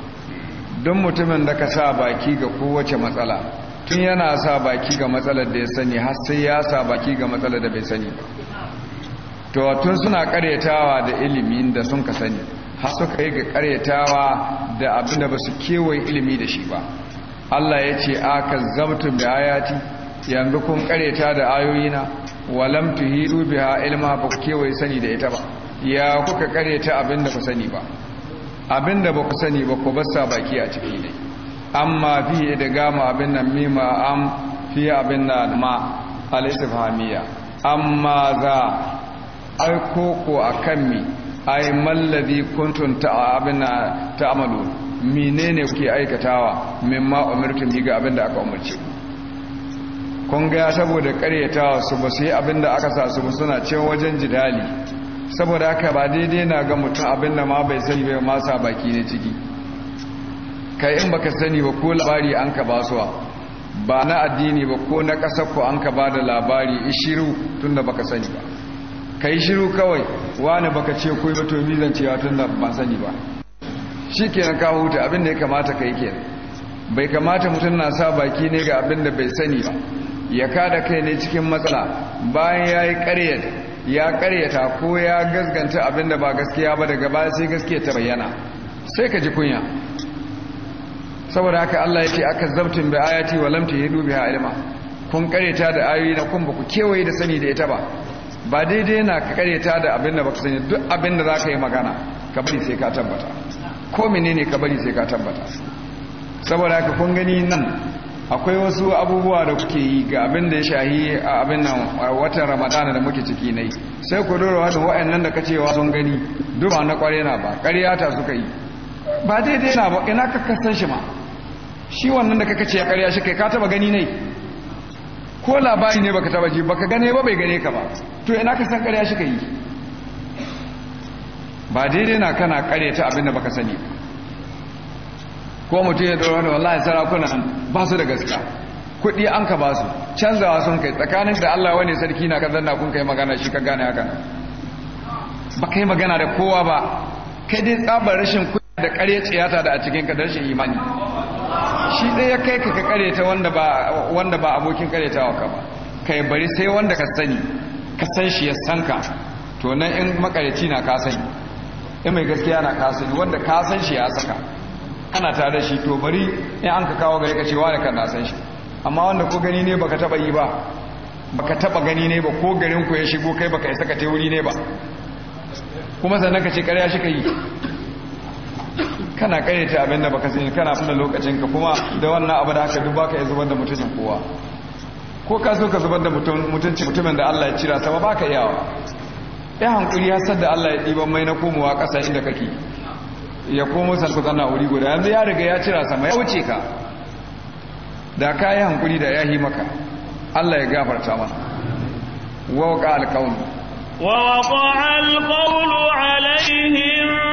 don mutumin da ka sa baki ga kowace matsala tun yana sa baki ga matsalar da ya sani har sai ya sa baki ga matsalar da bai sani ba to tun suna karyatawa da ilimin da sun ka sani har suka yi ga karyatawa da abinda ba su kewaye ilimi da shi ba Allah ya ce aka zabtun da ayati yanzu kun karyata da ayoyina walam tuhidu biha ilma ba ku kewaye sani da ita ba ya kuka karyata abinda ku sani ba abinda ba ku sani ba ku bassa baki a ciki ne amma fiye da gama abin nan mima am fi abin nan ma alisifamiya amma za aiko ko akan mi ai mallazi kuntum ta ta'malu menene kuke aikatawa mimma umirtum ga abinda aka umarce kun ga saboda karyatawa su ba su yi abinda aka sa su suna cewa wajen jidali saboda haka ba daidai na ga mutum abinda ma bai sani bai masa baki ne ciki kai in baka sani ba ko labari an ka basuwa ba na addini ba ko na ƙasar ku an ka ba da labari ishiru tunda baka sani ba ka yi shiru kawai wani baka ce ko ba to yi zan cewa tun da ba sani ba shi kenan ka huta abin da ya kamata ka yi bai kamata mutum na sa baki ne ga abin da bai sani ba ya kada kai ne cikin matsala bayan ya yi karyata ya karyata ko ya gasganta abin da ba gaskiya ba daga baya sai gaskiya ta bayyana sai ka ji kunya saboda haka Allah ya ce aka zabtin bi ayati wa lam tahidu biha ilma kun karyata da ayoyi na kun ba ku kewaye da sani da ita ba ba daidai na ka karyata da abin da baka sanya duk abin da za ka yi magana ka bari sai ka tabbata ko ne ka bari sai ka tabbata saboda haka kun gani nan akwai wasu abubuwa da kuke yi ga abin da ya shahi a abin nan watan ramadana da muke ciki nai sai ku dora wata nan da kacewa sun gani duk ba na kware na ba karyata suka yi ba daidai na ba ina ka kasan shi ma shi wannan da kaka ce ya karya shi kai ka taba gani nai ko labari ne baka taba ji baka gane ba bai gane ka ba to ina ka san ƙarya shika yi ba daidai na kana ta abin da baka sani ko mutum ya dora da wallahi sarakunan ba su da gaska kuɗi an ka ba su canzawa sun kai tsakanin da Allah wani sarki na kan na kun kai magana shi ka gane haka ba kai magana da kowa ba kai dai tsabar rashin kuɗi da ƙarya tsiyata da a cikin ka da rashin imani shi ɗaya kai ka kareta wanda ba abokin karetawa ka ba kai bari sai wanda ka sani ka san shi ya san ka to nan in makareci na ka sani in mai gaskiya na ka sani wanda ka san shi ya saka ana tare da shi to bari in an ka kawo gari ka cewa da kan na san shi amma wanda ko gani ne baka taba yi ba baka taba gani ne ba ko garin ku ya shigo kai baka isa ka te wuri ne ba kuma sannan ka ce ƙarya shi ka yi kana karyata abin da baka sani kana fada lokacin ka kuma da wannan abu da aka duba ka ya zubar da mutuncin kowa ko ka so ka zubar da mutuncin mutumin da Allah ya cira ta ba baka yawa. ya hankuri ya sadda Allah ya ɗiban mai na komowa ƙasa inda kake ya komo sanku zana wuri guda yanzu ya riga ya cira sama ya wuce ka da ka yi hankuri da ya yi maka Allah ya gafarta ma wa waqa alqawl wa waqa alqawlu alaihim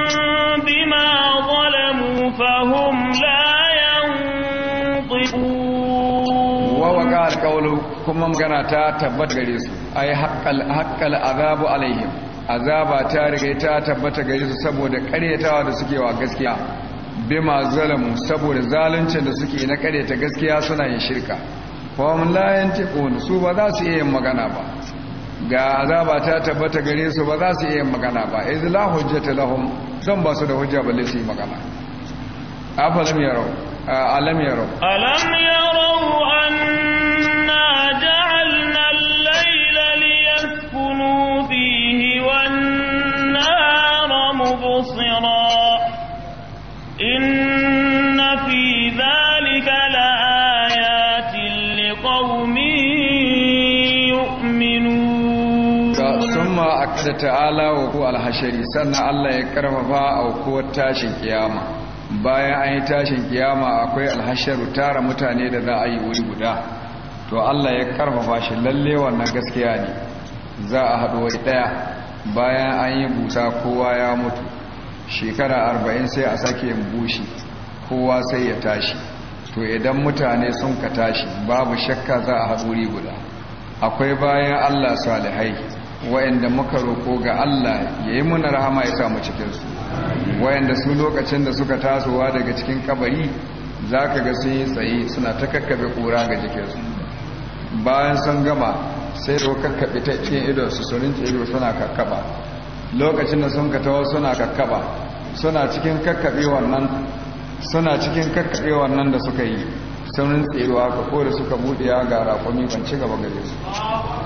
بما ظلموا فهم لا ينطقون وقال قوله كما مغنا تتبت تبت gare su a haqqal haqqal azabu alaihim azaba ta riga ta tabbata gare su saboda karyatawa da suke wa gaskiya bima zalamu saboda zaluncin da suke na karyata gaskiya suna yin shirka fahim layan tekun su ba za su iya magana ba ga azaba ta tabbata gare su ba za su iya magana ba izla hujjata lahum don ba su da hujja balle su yi magana afalam yarau alam yarau alam yarau anna ja'alna al-layla liyaskunu fihi wan-nara mubsira inna da ta'ala wa ku alhashari sannan Allah ya karfafa aukuwar tashin kiyama bayan an yi tashin kiyama akwai alhasharu tara mutane da za a yi wuri guda to Allah ya karfafa shi lalle wannan gaskiya ne za a haɗu wai ɗaya bayan an yi busa kowa ya mutu shekara arba'in sai a sake yin bushi kowa sai ya tashi to idan mutane sun ka tashi babu shakka za a haɗu wuri guda akwai bayan Allah salihai wayanda muka roko ga Allah yayi muna rahama ya samu cikin su wayanda su lokacin da suka tasowa daga cikin kabari zaka ga sun yi tsaye suna ta kakkabe kura ga jikin su bayan sun gama sai da kakkabe ta cikin idon su sun rinke ido suna kakkaba lokacin da sun katawa suna kakkaba suna cikin kakkabe wannan suna cikin kakkabe wannan da suka yi sun rinke ido haka ko da suka buɗe ya ga raƙumi ban ci gaba gare su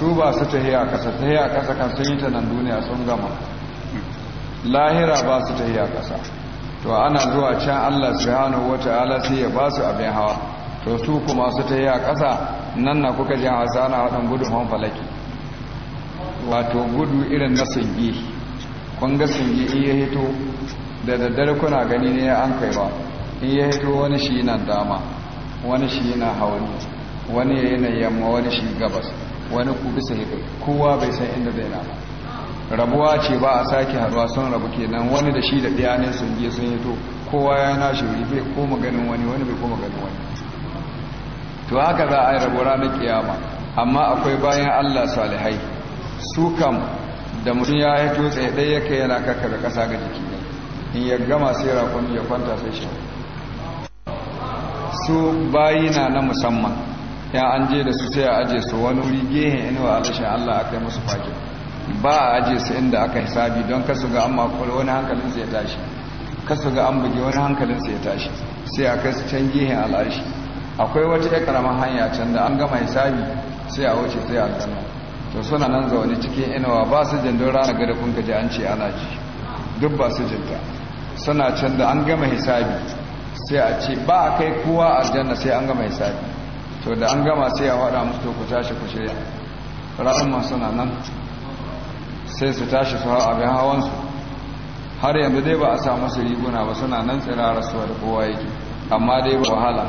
su ba su tahiya kasa tahiya kasa kan sun yi ta nan duniya sun gama lahira ba su tahiya kasa to ana zuwa can Allah subhanahu wata alasi ya ba su abin hawa to su kuma su tahiya kasa nan na kuka jan hasa na wadan gudu hon falaki wato gudu irin na sungi kun ga sungi in ya hito da daddare kuna gani ne an kai ba in ya hito wani shi nan dama wani shi na hauni wani yanayin yamma wani shi gabas wani ku bisa ya kai kowa bai san inda zai na rabuwa ce ba a sake haruwa sun rabu kenan wani da shi da ɗaya ne sun je sun to kowa ya nashi wuri bai koma ganin wani wani bai koma ganin wani to haka za a yi rabu ranar kiyama amma akwai bayan allah salihai su kam da mutum ya yi to tsaye ɗaya kai yana kakkaka ƙasa ga jiki ne in ya gama sai rakon ya kwanta sai shi su bayi na na musamman ya an je da su sai a aje su wani wuri gehen inuwa alashin Allah aka yi musu fakin ba a aje su inda aka hisabi don kasu ga an makwal wani hankalin sai ya tashi kasu ga an buge wani hankalin sai ya tashi sai a kai su can gehen alashi akwai wata ya karamar hanya can da an gama hisabi sai a wuce sai a gano to suna nan zaune cikin inuwa ba su jin don rana gada kun gaji an ce ana ji duk ba su jinta suna can da an gama hisabi sai a ce ba a kai kowa aljanna sai an gama hisabi to da an gama sai a faɗa musu to ku tashi ku shirya ra'amman suna nan sai su tashi su hau abin hawansu har yanzu dai ba a sa su riguna ba suna nan tsira rasuwa da kowa yake amma dai ba wahala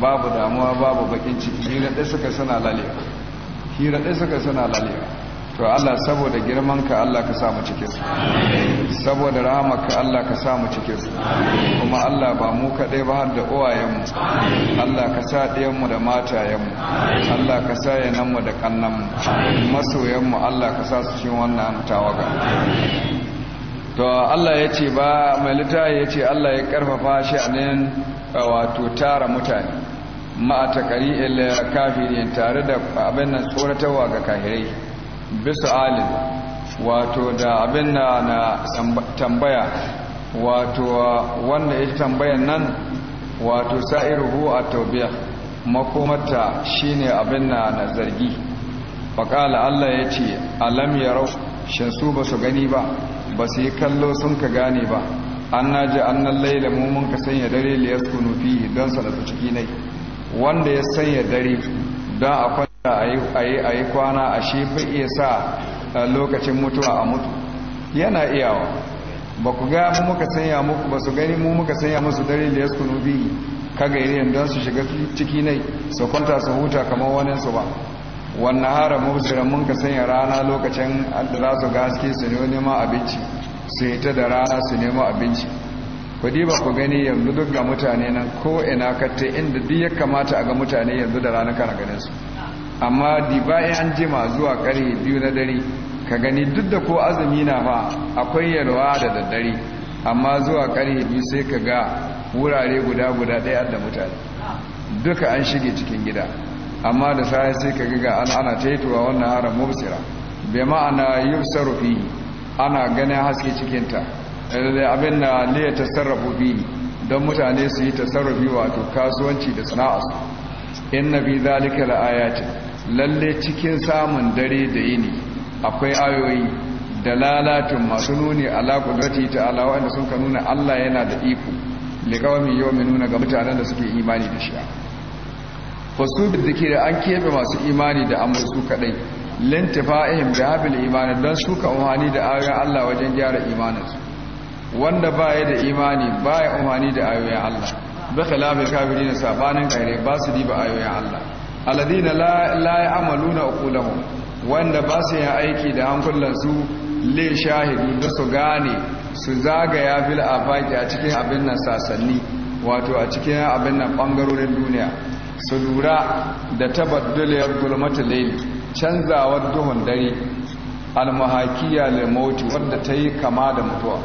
babu damuwa babu bakin ciki hira ɗai suka suka suna lalewa to Allah saboda girman ka Allah ka samu cikin su saboda ka Allah ka samu cikin su kuma Allah ba mu kaɗai ba har da uwayenmu Allah ka sa ɗiyanmu da matayenmu Allah ka sa yananmu da kannanmu masoyanmu Allah ka sa su cikin wannan tawaga to Allah ya ce ba mai littafi ya ce Allah ya karfafa shi a nan wato tara mutane ma'a takari ila kafirin tare da abin nan tsoratarwa ga kahirai bisu alif wato da abin na na tambaya wato wanda ya tambayan nan wato sa'iruhu a taubiya makomata shi ne abin na na zargi faƙala Allah ya ce alam ya rau shin su ba su gani ba ba su yi kallo sun ka gane ba an na ji an nan laila mummun ka sanya dare liyar su nufi don sanatu ciki nai wanda ya sanya dare don akwai a yi kwana a shi fi iya sa eh, lokacin mutuwa a mutu yana iyawa ba ku ga mu muka sanya muku ba su gani mu muka sanya musu dare da ya su kunu biyu kaga iri don su shiga ciki nai su kwanta su huta kamar waninsu ba wannan hara mubsiran mun ka sanya rana lokacin da za su gaske su nemo nema abinci su yi ta da rana su nemo abinci kudi ba ku gani yanzu duk ga mutane nan ko ina katta inda duk ya kamata a ga mutane yanzu da rana kana ganin su amma di bayan an jima zuwa karhe biyu na dare ka gani duk da ko azumi na fa akwai yalwa da daddare amma zuwa karhe biyu sai ka ga wurare guda guda ɗaya da mutane duka an shige cikin gida amma da sai sai ka ga an ana taitowa wannan haram mubsira bai ma'ana yi fihi ana ganin haske cikin ta abin na liya tasarrafu fihi don mutane su yi tasarrufi wato kasuwanci da sana'a inna fi zalika laayatin lalle cikin samun dare da yini akwai ayoyi da lalatun masu nuni ala kudrati ta ala wanda sun ka nuna Allah yana da iko mai nuna ga mutanen da suke imani da shi fasu da da an kebe masu imani da amma su linta fa'ihim da habil imani don su ka umarni da ayoyin Allah wajen gyara imaninsu wanda ba ya da imani ba ya umarni da ayoyin Allah ba khilafil kafirin sabanin kare ba su diba ayoyin Allah aladina la ya ya'maluna uqulahum wanda ba su yin aiki da hankulansu le shahidu da su gane su zagaya fil afaki a cikin abin nan sasanni wato a cikin abin nan bangarorin duniya su lura da tabadduliyar gulmata laili canzawar duhun dare almahakiya limauti wadda ta yi kama da mutuwa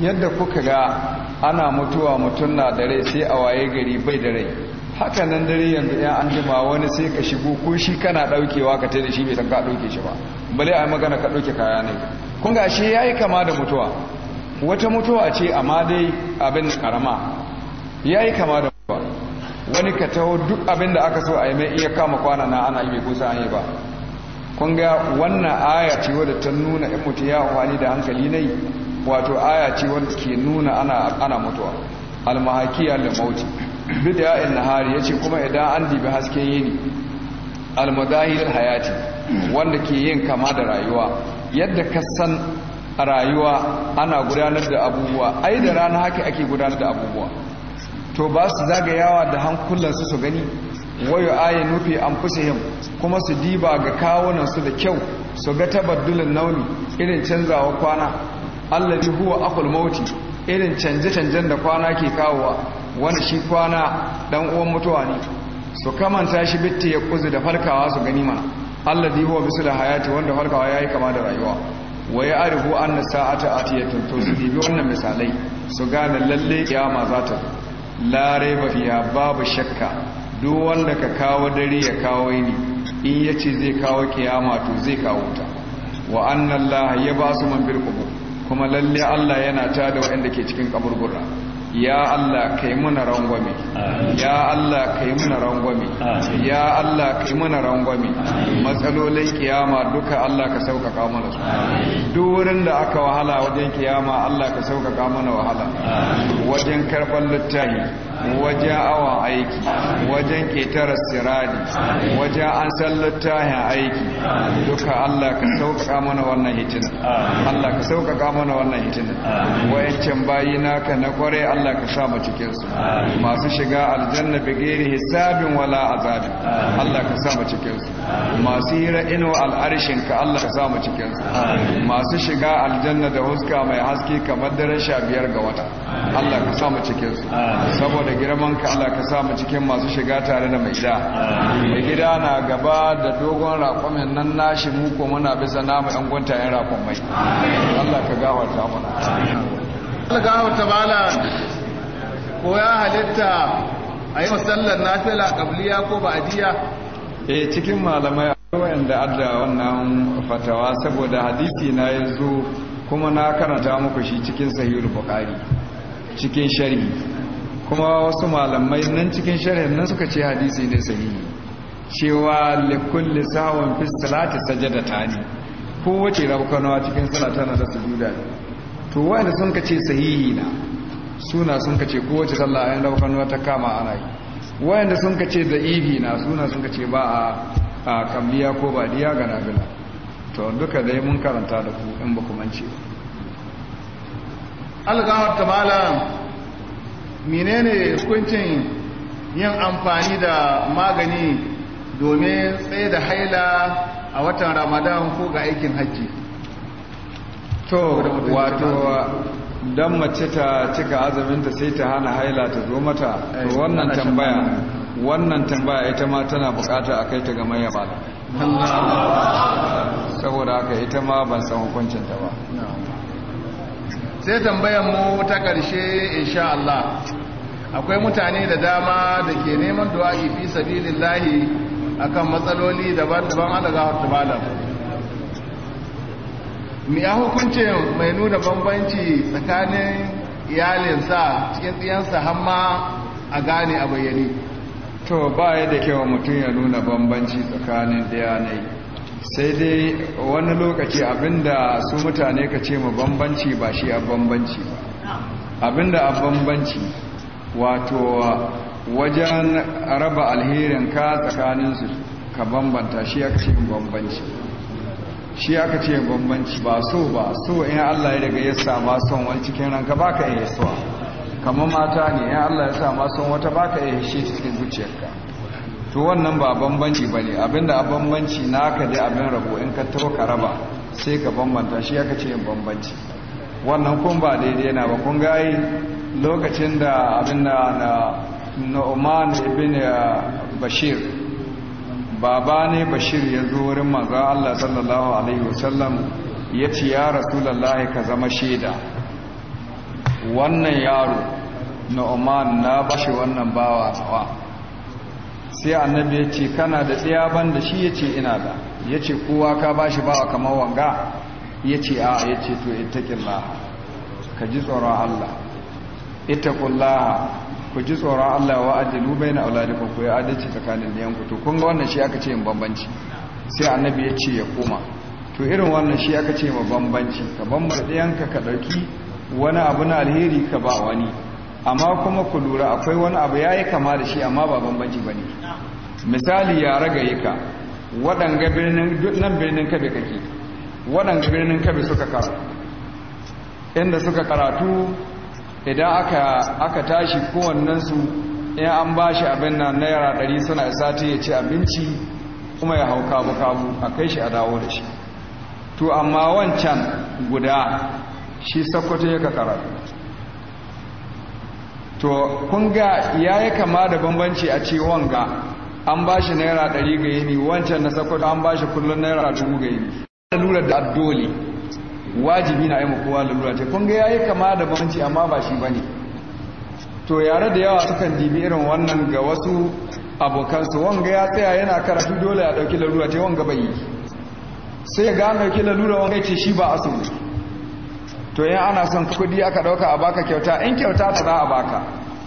yadda kuka ga ana mutuwa mutum na dare sai a waye gari bai da rai haka nan dare yanzu ya an jima wani sai ka shigo ko shi kana daukewa ka tare shi bai san ka dauke shi ba bale a magana ka dauke kaya ne kun ga shi yayi kama da mutuwa wata mutuwa ce amma dai abin karama yayi kama da mutuwa wani ka taho duk abin da aka so a yi mai iya kama kwana na ana yi mai kusa an yi ba kun ga wannan aya ce wadda ta nuna in mutu ya wani da hankali ne wato aya ce wadda ke nuna ana mutuwa almahakiya da mauti bid'a in nahari ce kuma idan an dibi hasken yini almudahil hayati wanda ke yin kama da rayuwa yadda ka san rayuwa ana gudanar da abubuwa ai da rana haka ake gudanar da abubuwa to ba su zagayawa da hankulansu su gani wayo aya nufi an fusihim kuma su diba ga kawunansu da kyau su ga tabaddulin nauni irin canzawa kwana allazi huwa aqul mauti irin canje-canjen da kwana ke kawowa wani shi kwana dan uwan mutuwa ne su kamanta shi bitti ya kuzi da farkawa su gani mana wa huwa da hayati wanda farkawa yayi kama da rayuwa wa ya arifu anna sa'ata atiyatun to su dibi wannan misalai su gane lalle kiyama za ta la raiba fiha babu shakka duk wanda ka kawo dare ya kawo ni in yace zai kawo kiyama to zai kawo ta wa anna allaha yabasu man bil kuma lalle Allah yana tada waɗanda ke cikin kaburbura ya Allah kai muna rangwame ya Allah kai muna rangwame ya Allah kai muna rangwame matsalolin kiyama duka Allah ka sauƙaƙa mana su duk wurin da aka wahala wajen kiyama Allah ka sauƙaƙa mana wahala wajen karɓar littafi wajen awon aiki wajen ƙetare sirari wajen an sallatahin aiki duka Allah ka sauƙaƙa mana wannan hitin Allah ka sauƙaƙa mana wannan hitina wayancan bayi naka na kware Allah ka sa mu cikin su masu shiga aljanna bi gairi hisabin wala azabin Allah ka sa mu cikin su masu hira ino al'arshin ka Allah ka sa mu cikin su masu shiga aljanna da huska mai haske kamar daren sha biyar ga wata Allah ka sa mu cikin su saboda saboda girman ka Allah ka sa mu cikin masu shiga tare da mai da gida na gaba da dogon raƙumin nan nashi mu ko muna bisa namu ɗan yan ɗan raƙon mai Allah ka gawarta mana Allah gawata bala ko ya halitta a yi musallar nafila kabliya ko ba'diya eh cikin malamai da adda wannan fatawa saboda hadisi na yanzu kuma na karanta muku shi cikin sahihul bukhari cikin sharhi kuma wasu malamai nan cikin shari'a nan suka ce hadisi ne sahihi cewa likulli sawon fi salati ne ko wace rabkanawa cikin salata na da sujuda to wanda sun ka ce sahihi na suna sun ka ce ko wace sallah ayin rabkanawa ta kama ana yi wanda sun ka ce da'ifi na suna sun ka ce ba a kambiya ko ba diya ga nabila to duka dai mun karanta da ku in ba ku mance ba ta tamala menene hukuncin yin amfani da magani domin tsaye da haila a watan ramadan ko ga aikin hajji to wato don mace ta cika azuminta sai ta hana haila ta zo mata eh, wannan tambaya wannan tambaya ita ma tana bukata a kai ta ga maya saboda haka ita ma ban san hukuncinta ba sai tambayan mu ta ƙarshe insha Allah akwai mutane da dama da ke neman du'a'i fi sabilillahi akan matsaloli daban-daban Allah ga bala mu ya hukunce mai nuna bambanci tsakanin iyalinsa cikin tsiyansa hamma a gane a bayyane to ba ya da kyau mutum ya nuna bambanci tsakanin daya ne sai dai wani lokaci abinda su mutane ka ce mu bambanci ba shi a bambanci ba abinda a bambanci wato wajen raba alherin ka tsakaninsu ka bambanta shi aka ce bambanci shi aka ce bambanci ba so ba so in Allah ya daga yasa sama wani cikin ranka baka iya yasuwa kamar mata ne in Allah ya sa son wata baka iya shi cikin zuciyarka to wannan ba bambanci ba ne abinda a bambanci na ka da abin rabu in ka taro ka raba sai ka bambanta shi aka ce yin bambanci wannan kun ba daidai na ba kun gayi lokacin da abin da na nu'man ibn uh, bashir baba ne bashir ya zo wurin manzo Allah sallallahu alaihi wasallam ya ce ya lallahi ka zama shaida wannan yaro nu'man na bashi wannan bawa tsawa sai annabi ya ce kana da tsaya ban da shi ya ce ina da ya ce kowa ka ba shi bawa kamar wanga ya ce a ya ce to ittaƙillah ka ji tsoron Allah ita ittaƙullah ku ji tsoron Allah wa ajilu bai na auladikum ku ya adalci tsakanin yanku to kun ga wannan shi aka ce yin bambanci sai annabi ya ce ya koma to irin wannan shi aka ce ma bambanci ka bambar ɗayanka ka ɗauki wani abu na alheri ka ba wani amma kuma ku lura akwai wani abu ya yi kama da shi amma ba bambanci ba ne misali ya yi ka waɗanga birnin duk nan birnin kabe kake waɗanga birnin kabe suka karatu. inda suka karatu idan aka tashi kowannensu in an ba shi abin nan naira ɗari suna sati ya ci abinci kuma ya hau kabu-kabu a kai shi a dawo da shi to amma wancan guda shi sakwato ya ka karatu to kun ga ya yi kama da bambanci a ce wanga an ba shi naira ɗari ga yini wancan na sakwato an ba shi kullum naira dubu ga yini lura da addoli wajibi na aimu kowa lura ce kun ga ya yi kama da bambanci amma ba shi ba ne. to yare da yawa sukan jibi irin wannan ga wasu abokansu wanga ya tsaya yana karatu dole ya ɗauki lalura ce wanga bai yi sai ga an ɗauki lalura wanga ce shi ba asu to yin ana son kudi aka dauka a baka kyauta in kyauta ta za a baka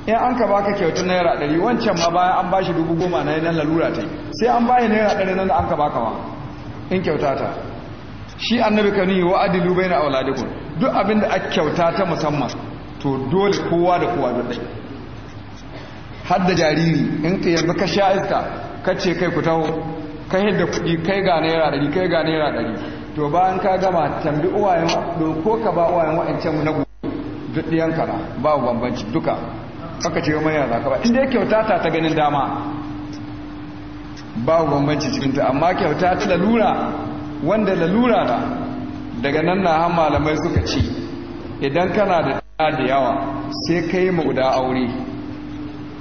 in an ka baka kyautar naira ɗari wancan ma bayan an bashi dubu goma na yanar lalura ta sai an bayan naira ɗari nan da an ka baka ma in kyauta ta shi annabi kan yi wa'adi lubai na auladikun duk abin da aka kyauta ta musamman to dole kowa da kowa da ɗaya har da jariri in ka yanzu ka sha iska ka ce kai ku taho ka hidda kuɗi kai ga naira ɗari kai ga naira ɗari to bayan ka gama tambi uwayen ko ka ba uwayen wa'ancan mu na gobe duk ba na babu bambanci duka aka ce mai yara ka ba inda ya kyauta ta ta ganin dama babu bambanci cikin ta amma kyauta ta lalura wanda lalura na daga nan na han malamai suka ce idan kana da ɗaya da yawa sai ka yi mauda aure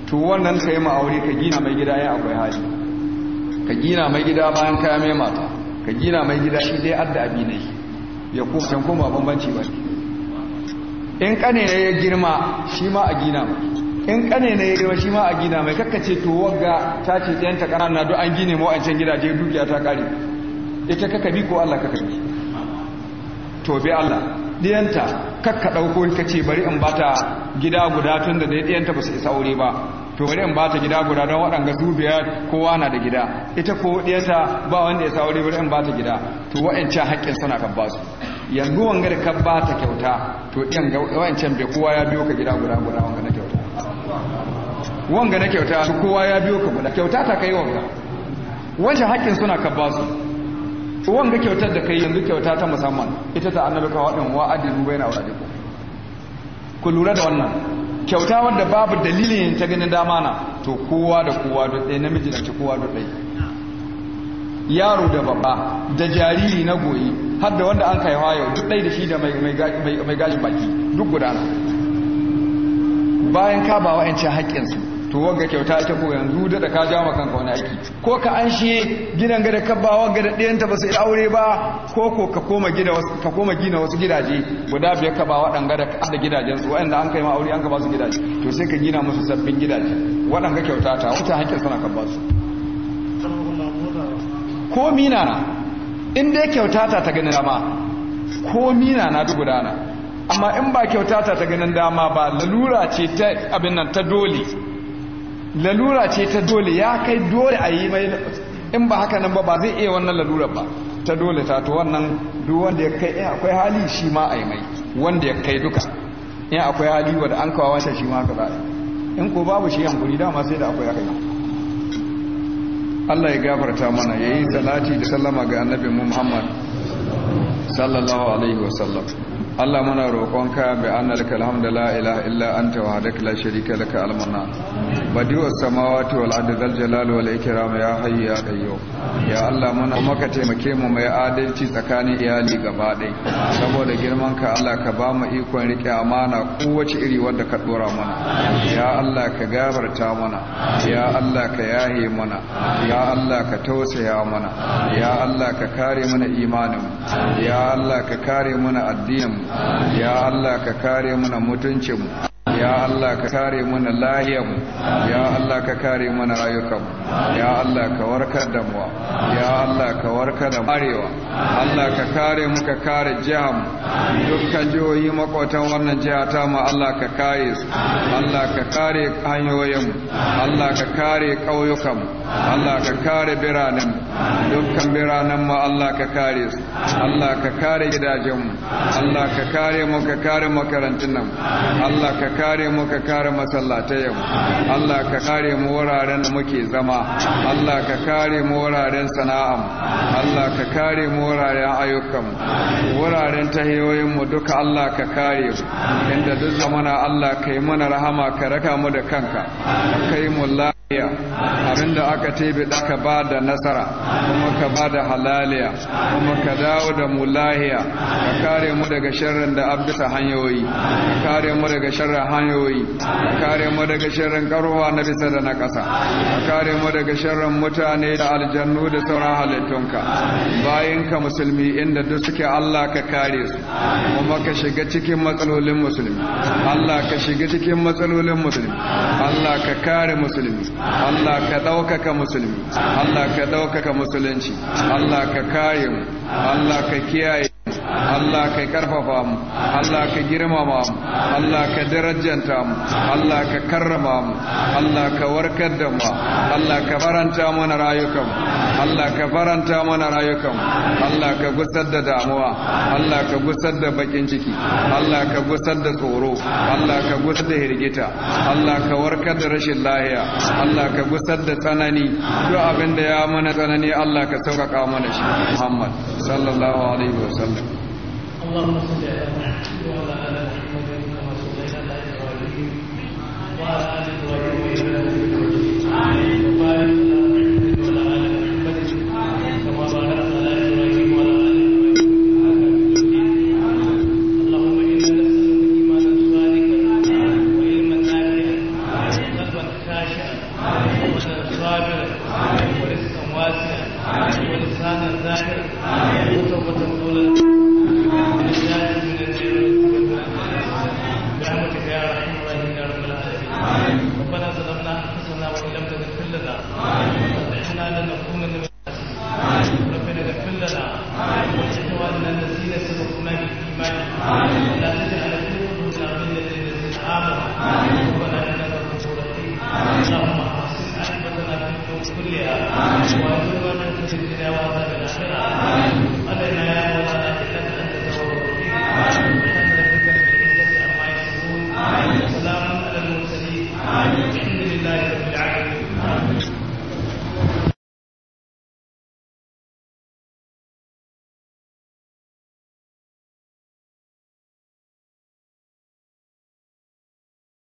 to wannan ka yi ma aure ka gina mai gida ya akwai hali ka gina mai gida bayan kayan mai mata ka gina mai gida shi dai adda abi ne ya kuma can kuma bambanci ba in kane ne ya girma shi ma a gina mai in kane ne ya girma shi ma a gina mai ce to wagga ta ce ɗayan ta ƙanana duk an gine mu an can gidaje dukiya ta ƙare ita kaka bi ko Allah kaka bi to bi Allah diyanta kakka ɗauko ka ce bari in bata gida guda tun da diyanta ba su isa wuri ba to bari in bata gida guda don waɗanga su biyar kowa na da gida ita ko diyanta ba wanda ya sauri bari in bata gida to wa'ancan haƙƙin suna kan basu yanzu wanga da ka bata kyauta to ɗiyan wa'ancan bai kowa ya biyo ka gida guda guda wanga na kyauta wanga na kyauta kowa ya biyo ka guda kyauta ta kai wanga wancan haƙƙin suna kan basu to wanga kyautar da kai yanzu kyauta ta musamman ita ta annabi ka wadan wa adilu wa adiku ku lura da wannan kyauta wanda babu dalilin ta ganin dama na to kowa da kowa da ɗaya namiji da kowa da ɗaya yaro da babba da jariri na goyi har da wanda an kai yau duk ɗaya da shi da mai gashin baki duk gudana bayan ka ba wa'ancin haƙƙinsu to wagga kyauta ake ko yanzu da ka ja maka kanka wani aiki ko ka an shi gidan gada ka kabba wagga da ɗayanta ba su aure ba ko ko ka koma gida wasu ka koma gina wasu gidaje guda biyar ka ba waɗanga da ka da gidajen su waɗanda an kai ma aure an ka ba su gidaje to sai ka gina musu sabbin gidaje waɗanga kyauta ta wata hankin sana ka ba su ko mina na in dai kyauta ta ta ganin dama ko mina na duk gudana amma in ba kyauta ta ta ganin dama ba lalura ce ta abin nan ta dole lalura ce ta dole ya kai dole a yi mai in ba haka nan ba ba zai iya wannan lalura ba ta dole ta to wannan duk wanda ya kai in akwai hali shi ma a yi mai wanda ya kai duka in akwai hali wadda an kawo wata shi ma ka za in ko babu shi yankuri dama sai da akwai haka Allah ya gafarta mana ya yi salati da sallama ga annabi Muhammad sallallahu alaihi wasallam Allah muna roƙonka bi annalaka alhamdu la ilaha illa anta wahdaka la sharika laka almanna badi'us samawati wal ardi dhal jalali wal ikram ya hayyu ya qayyum ya Allah muna maka taimake mu mai adalci tsakanin iyali gaba ɗaya saboda girman ka Allah ka ba mu ikon rike amana kowace iri wanda ka dora mana ya Allah ka gabarta mana ya Allah ka yahe mana ya Allah ka tausaya mana ya Allah ka kare mana imanin ya Allah ka kare mana addinin ya Allah ka kare mu na mutuncinmu ya Allah ka kare mana lahiyam. ya Allah ka kare mana rayukan ya Allah ka warkar da mu ya Allah ka warkar da arewa Allah ka kare mu ka kare jiham dukkan jihohi makwatan wannan jiha ta mu Allah ka kare su Allah ka kare hanyoyin Allah ka kare ƙauyukan Allah ka kare biranen dukkan biranen mu Allah ka kare su Allah ka kare gidajen mu Allah ka kare mu ka kare makarantun nan Allah ka kare kare mu ka kare masallatayen Allah ka kare mu wuraren da muke zama Allah ka kare mu wuraren sana'am Allah ka kare mu wuraren ayyukan wuraren tahiyoyin mu duka Allah ka kare mu inda duk zamana Allah ka yi mana rahama ka raka mu da kanka ka mu lafiya abinda aka tebe ka ba da nasara kuma ka ba da halaliya kuma ka dawo da mu lahiya ka kare mu daga sharrin da abdisa hanyoyi ka kare mu daga sharrin hanyoyi kare mu daga shirin karuwa na bisa da na ƙasa kare mu daga shirin mutane da aljannu da sauran halittunka bayan ka musulmi inda duk suke Allah ka kare su kuma ka shiga cikin matsalolin musulmi Allah ka shiga cikin matsalolin musulmi Allah ka kare musulmi Allah ka ɗaukaka musulmi Allah ka ɗaukaka musulunci Allah ka kare mu Allah ka kiyaye Allah ka karfafa mu Allah ka girmama mu Allah ka darajanta mu Allah ka karrama mu Allah ka warkar da mu Allah ka faranta mana rayukan Allah ka faranta mana rayukan Allah ka gusar da damuwa Allah ka gusar da bakin ciki Allah ka gusar da tsoro Allah ka gusar da hirgita Allah ka warkar da rashin lahiya Allah ka gusar da tsanani duk abin da ya mana tsanani Allah ka sauƙaƙa mana shi Muhammad sallallahu alaihi wasallam اللهم صل على محمد وعلى ال محمد كما صليت على ابراهيم وعلى ال ابراهيم انك حميد مجيد وبارك على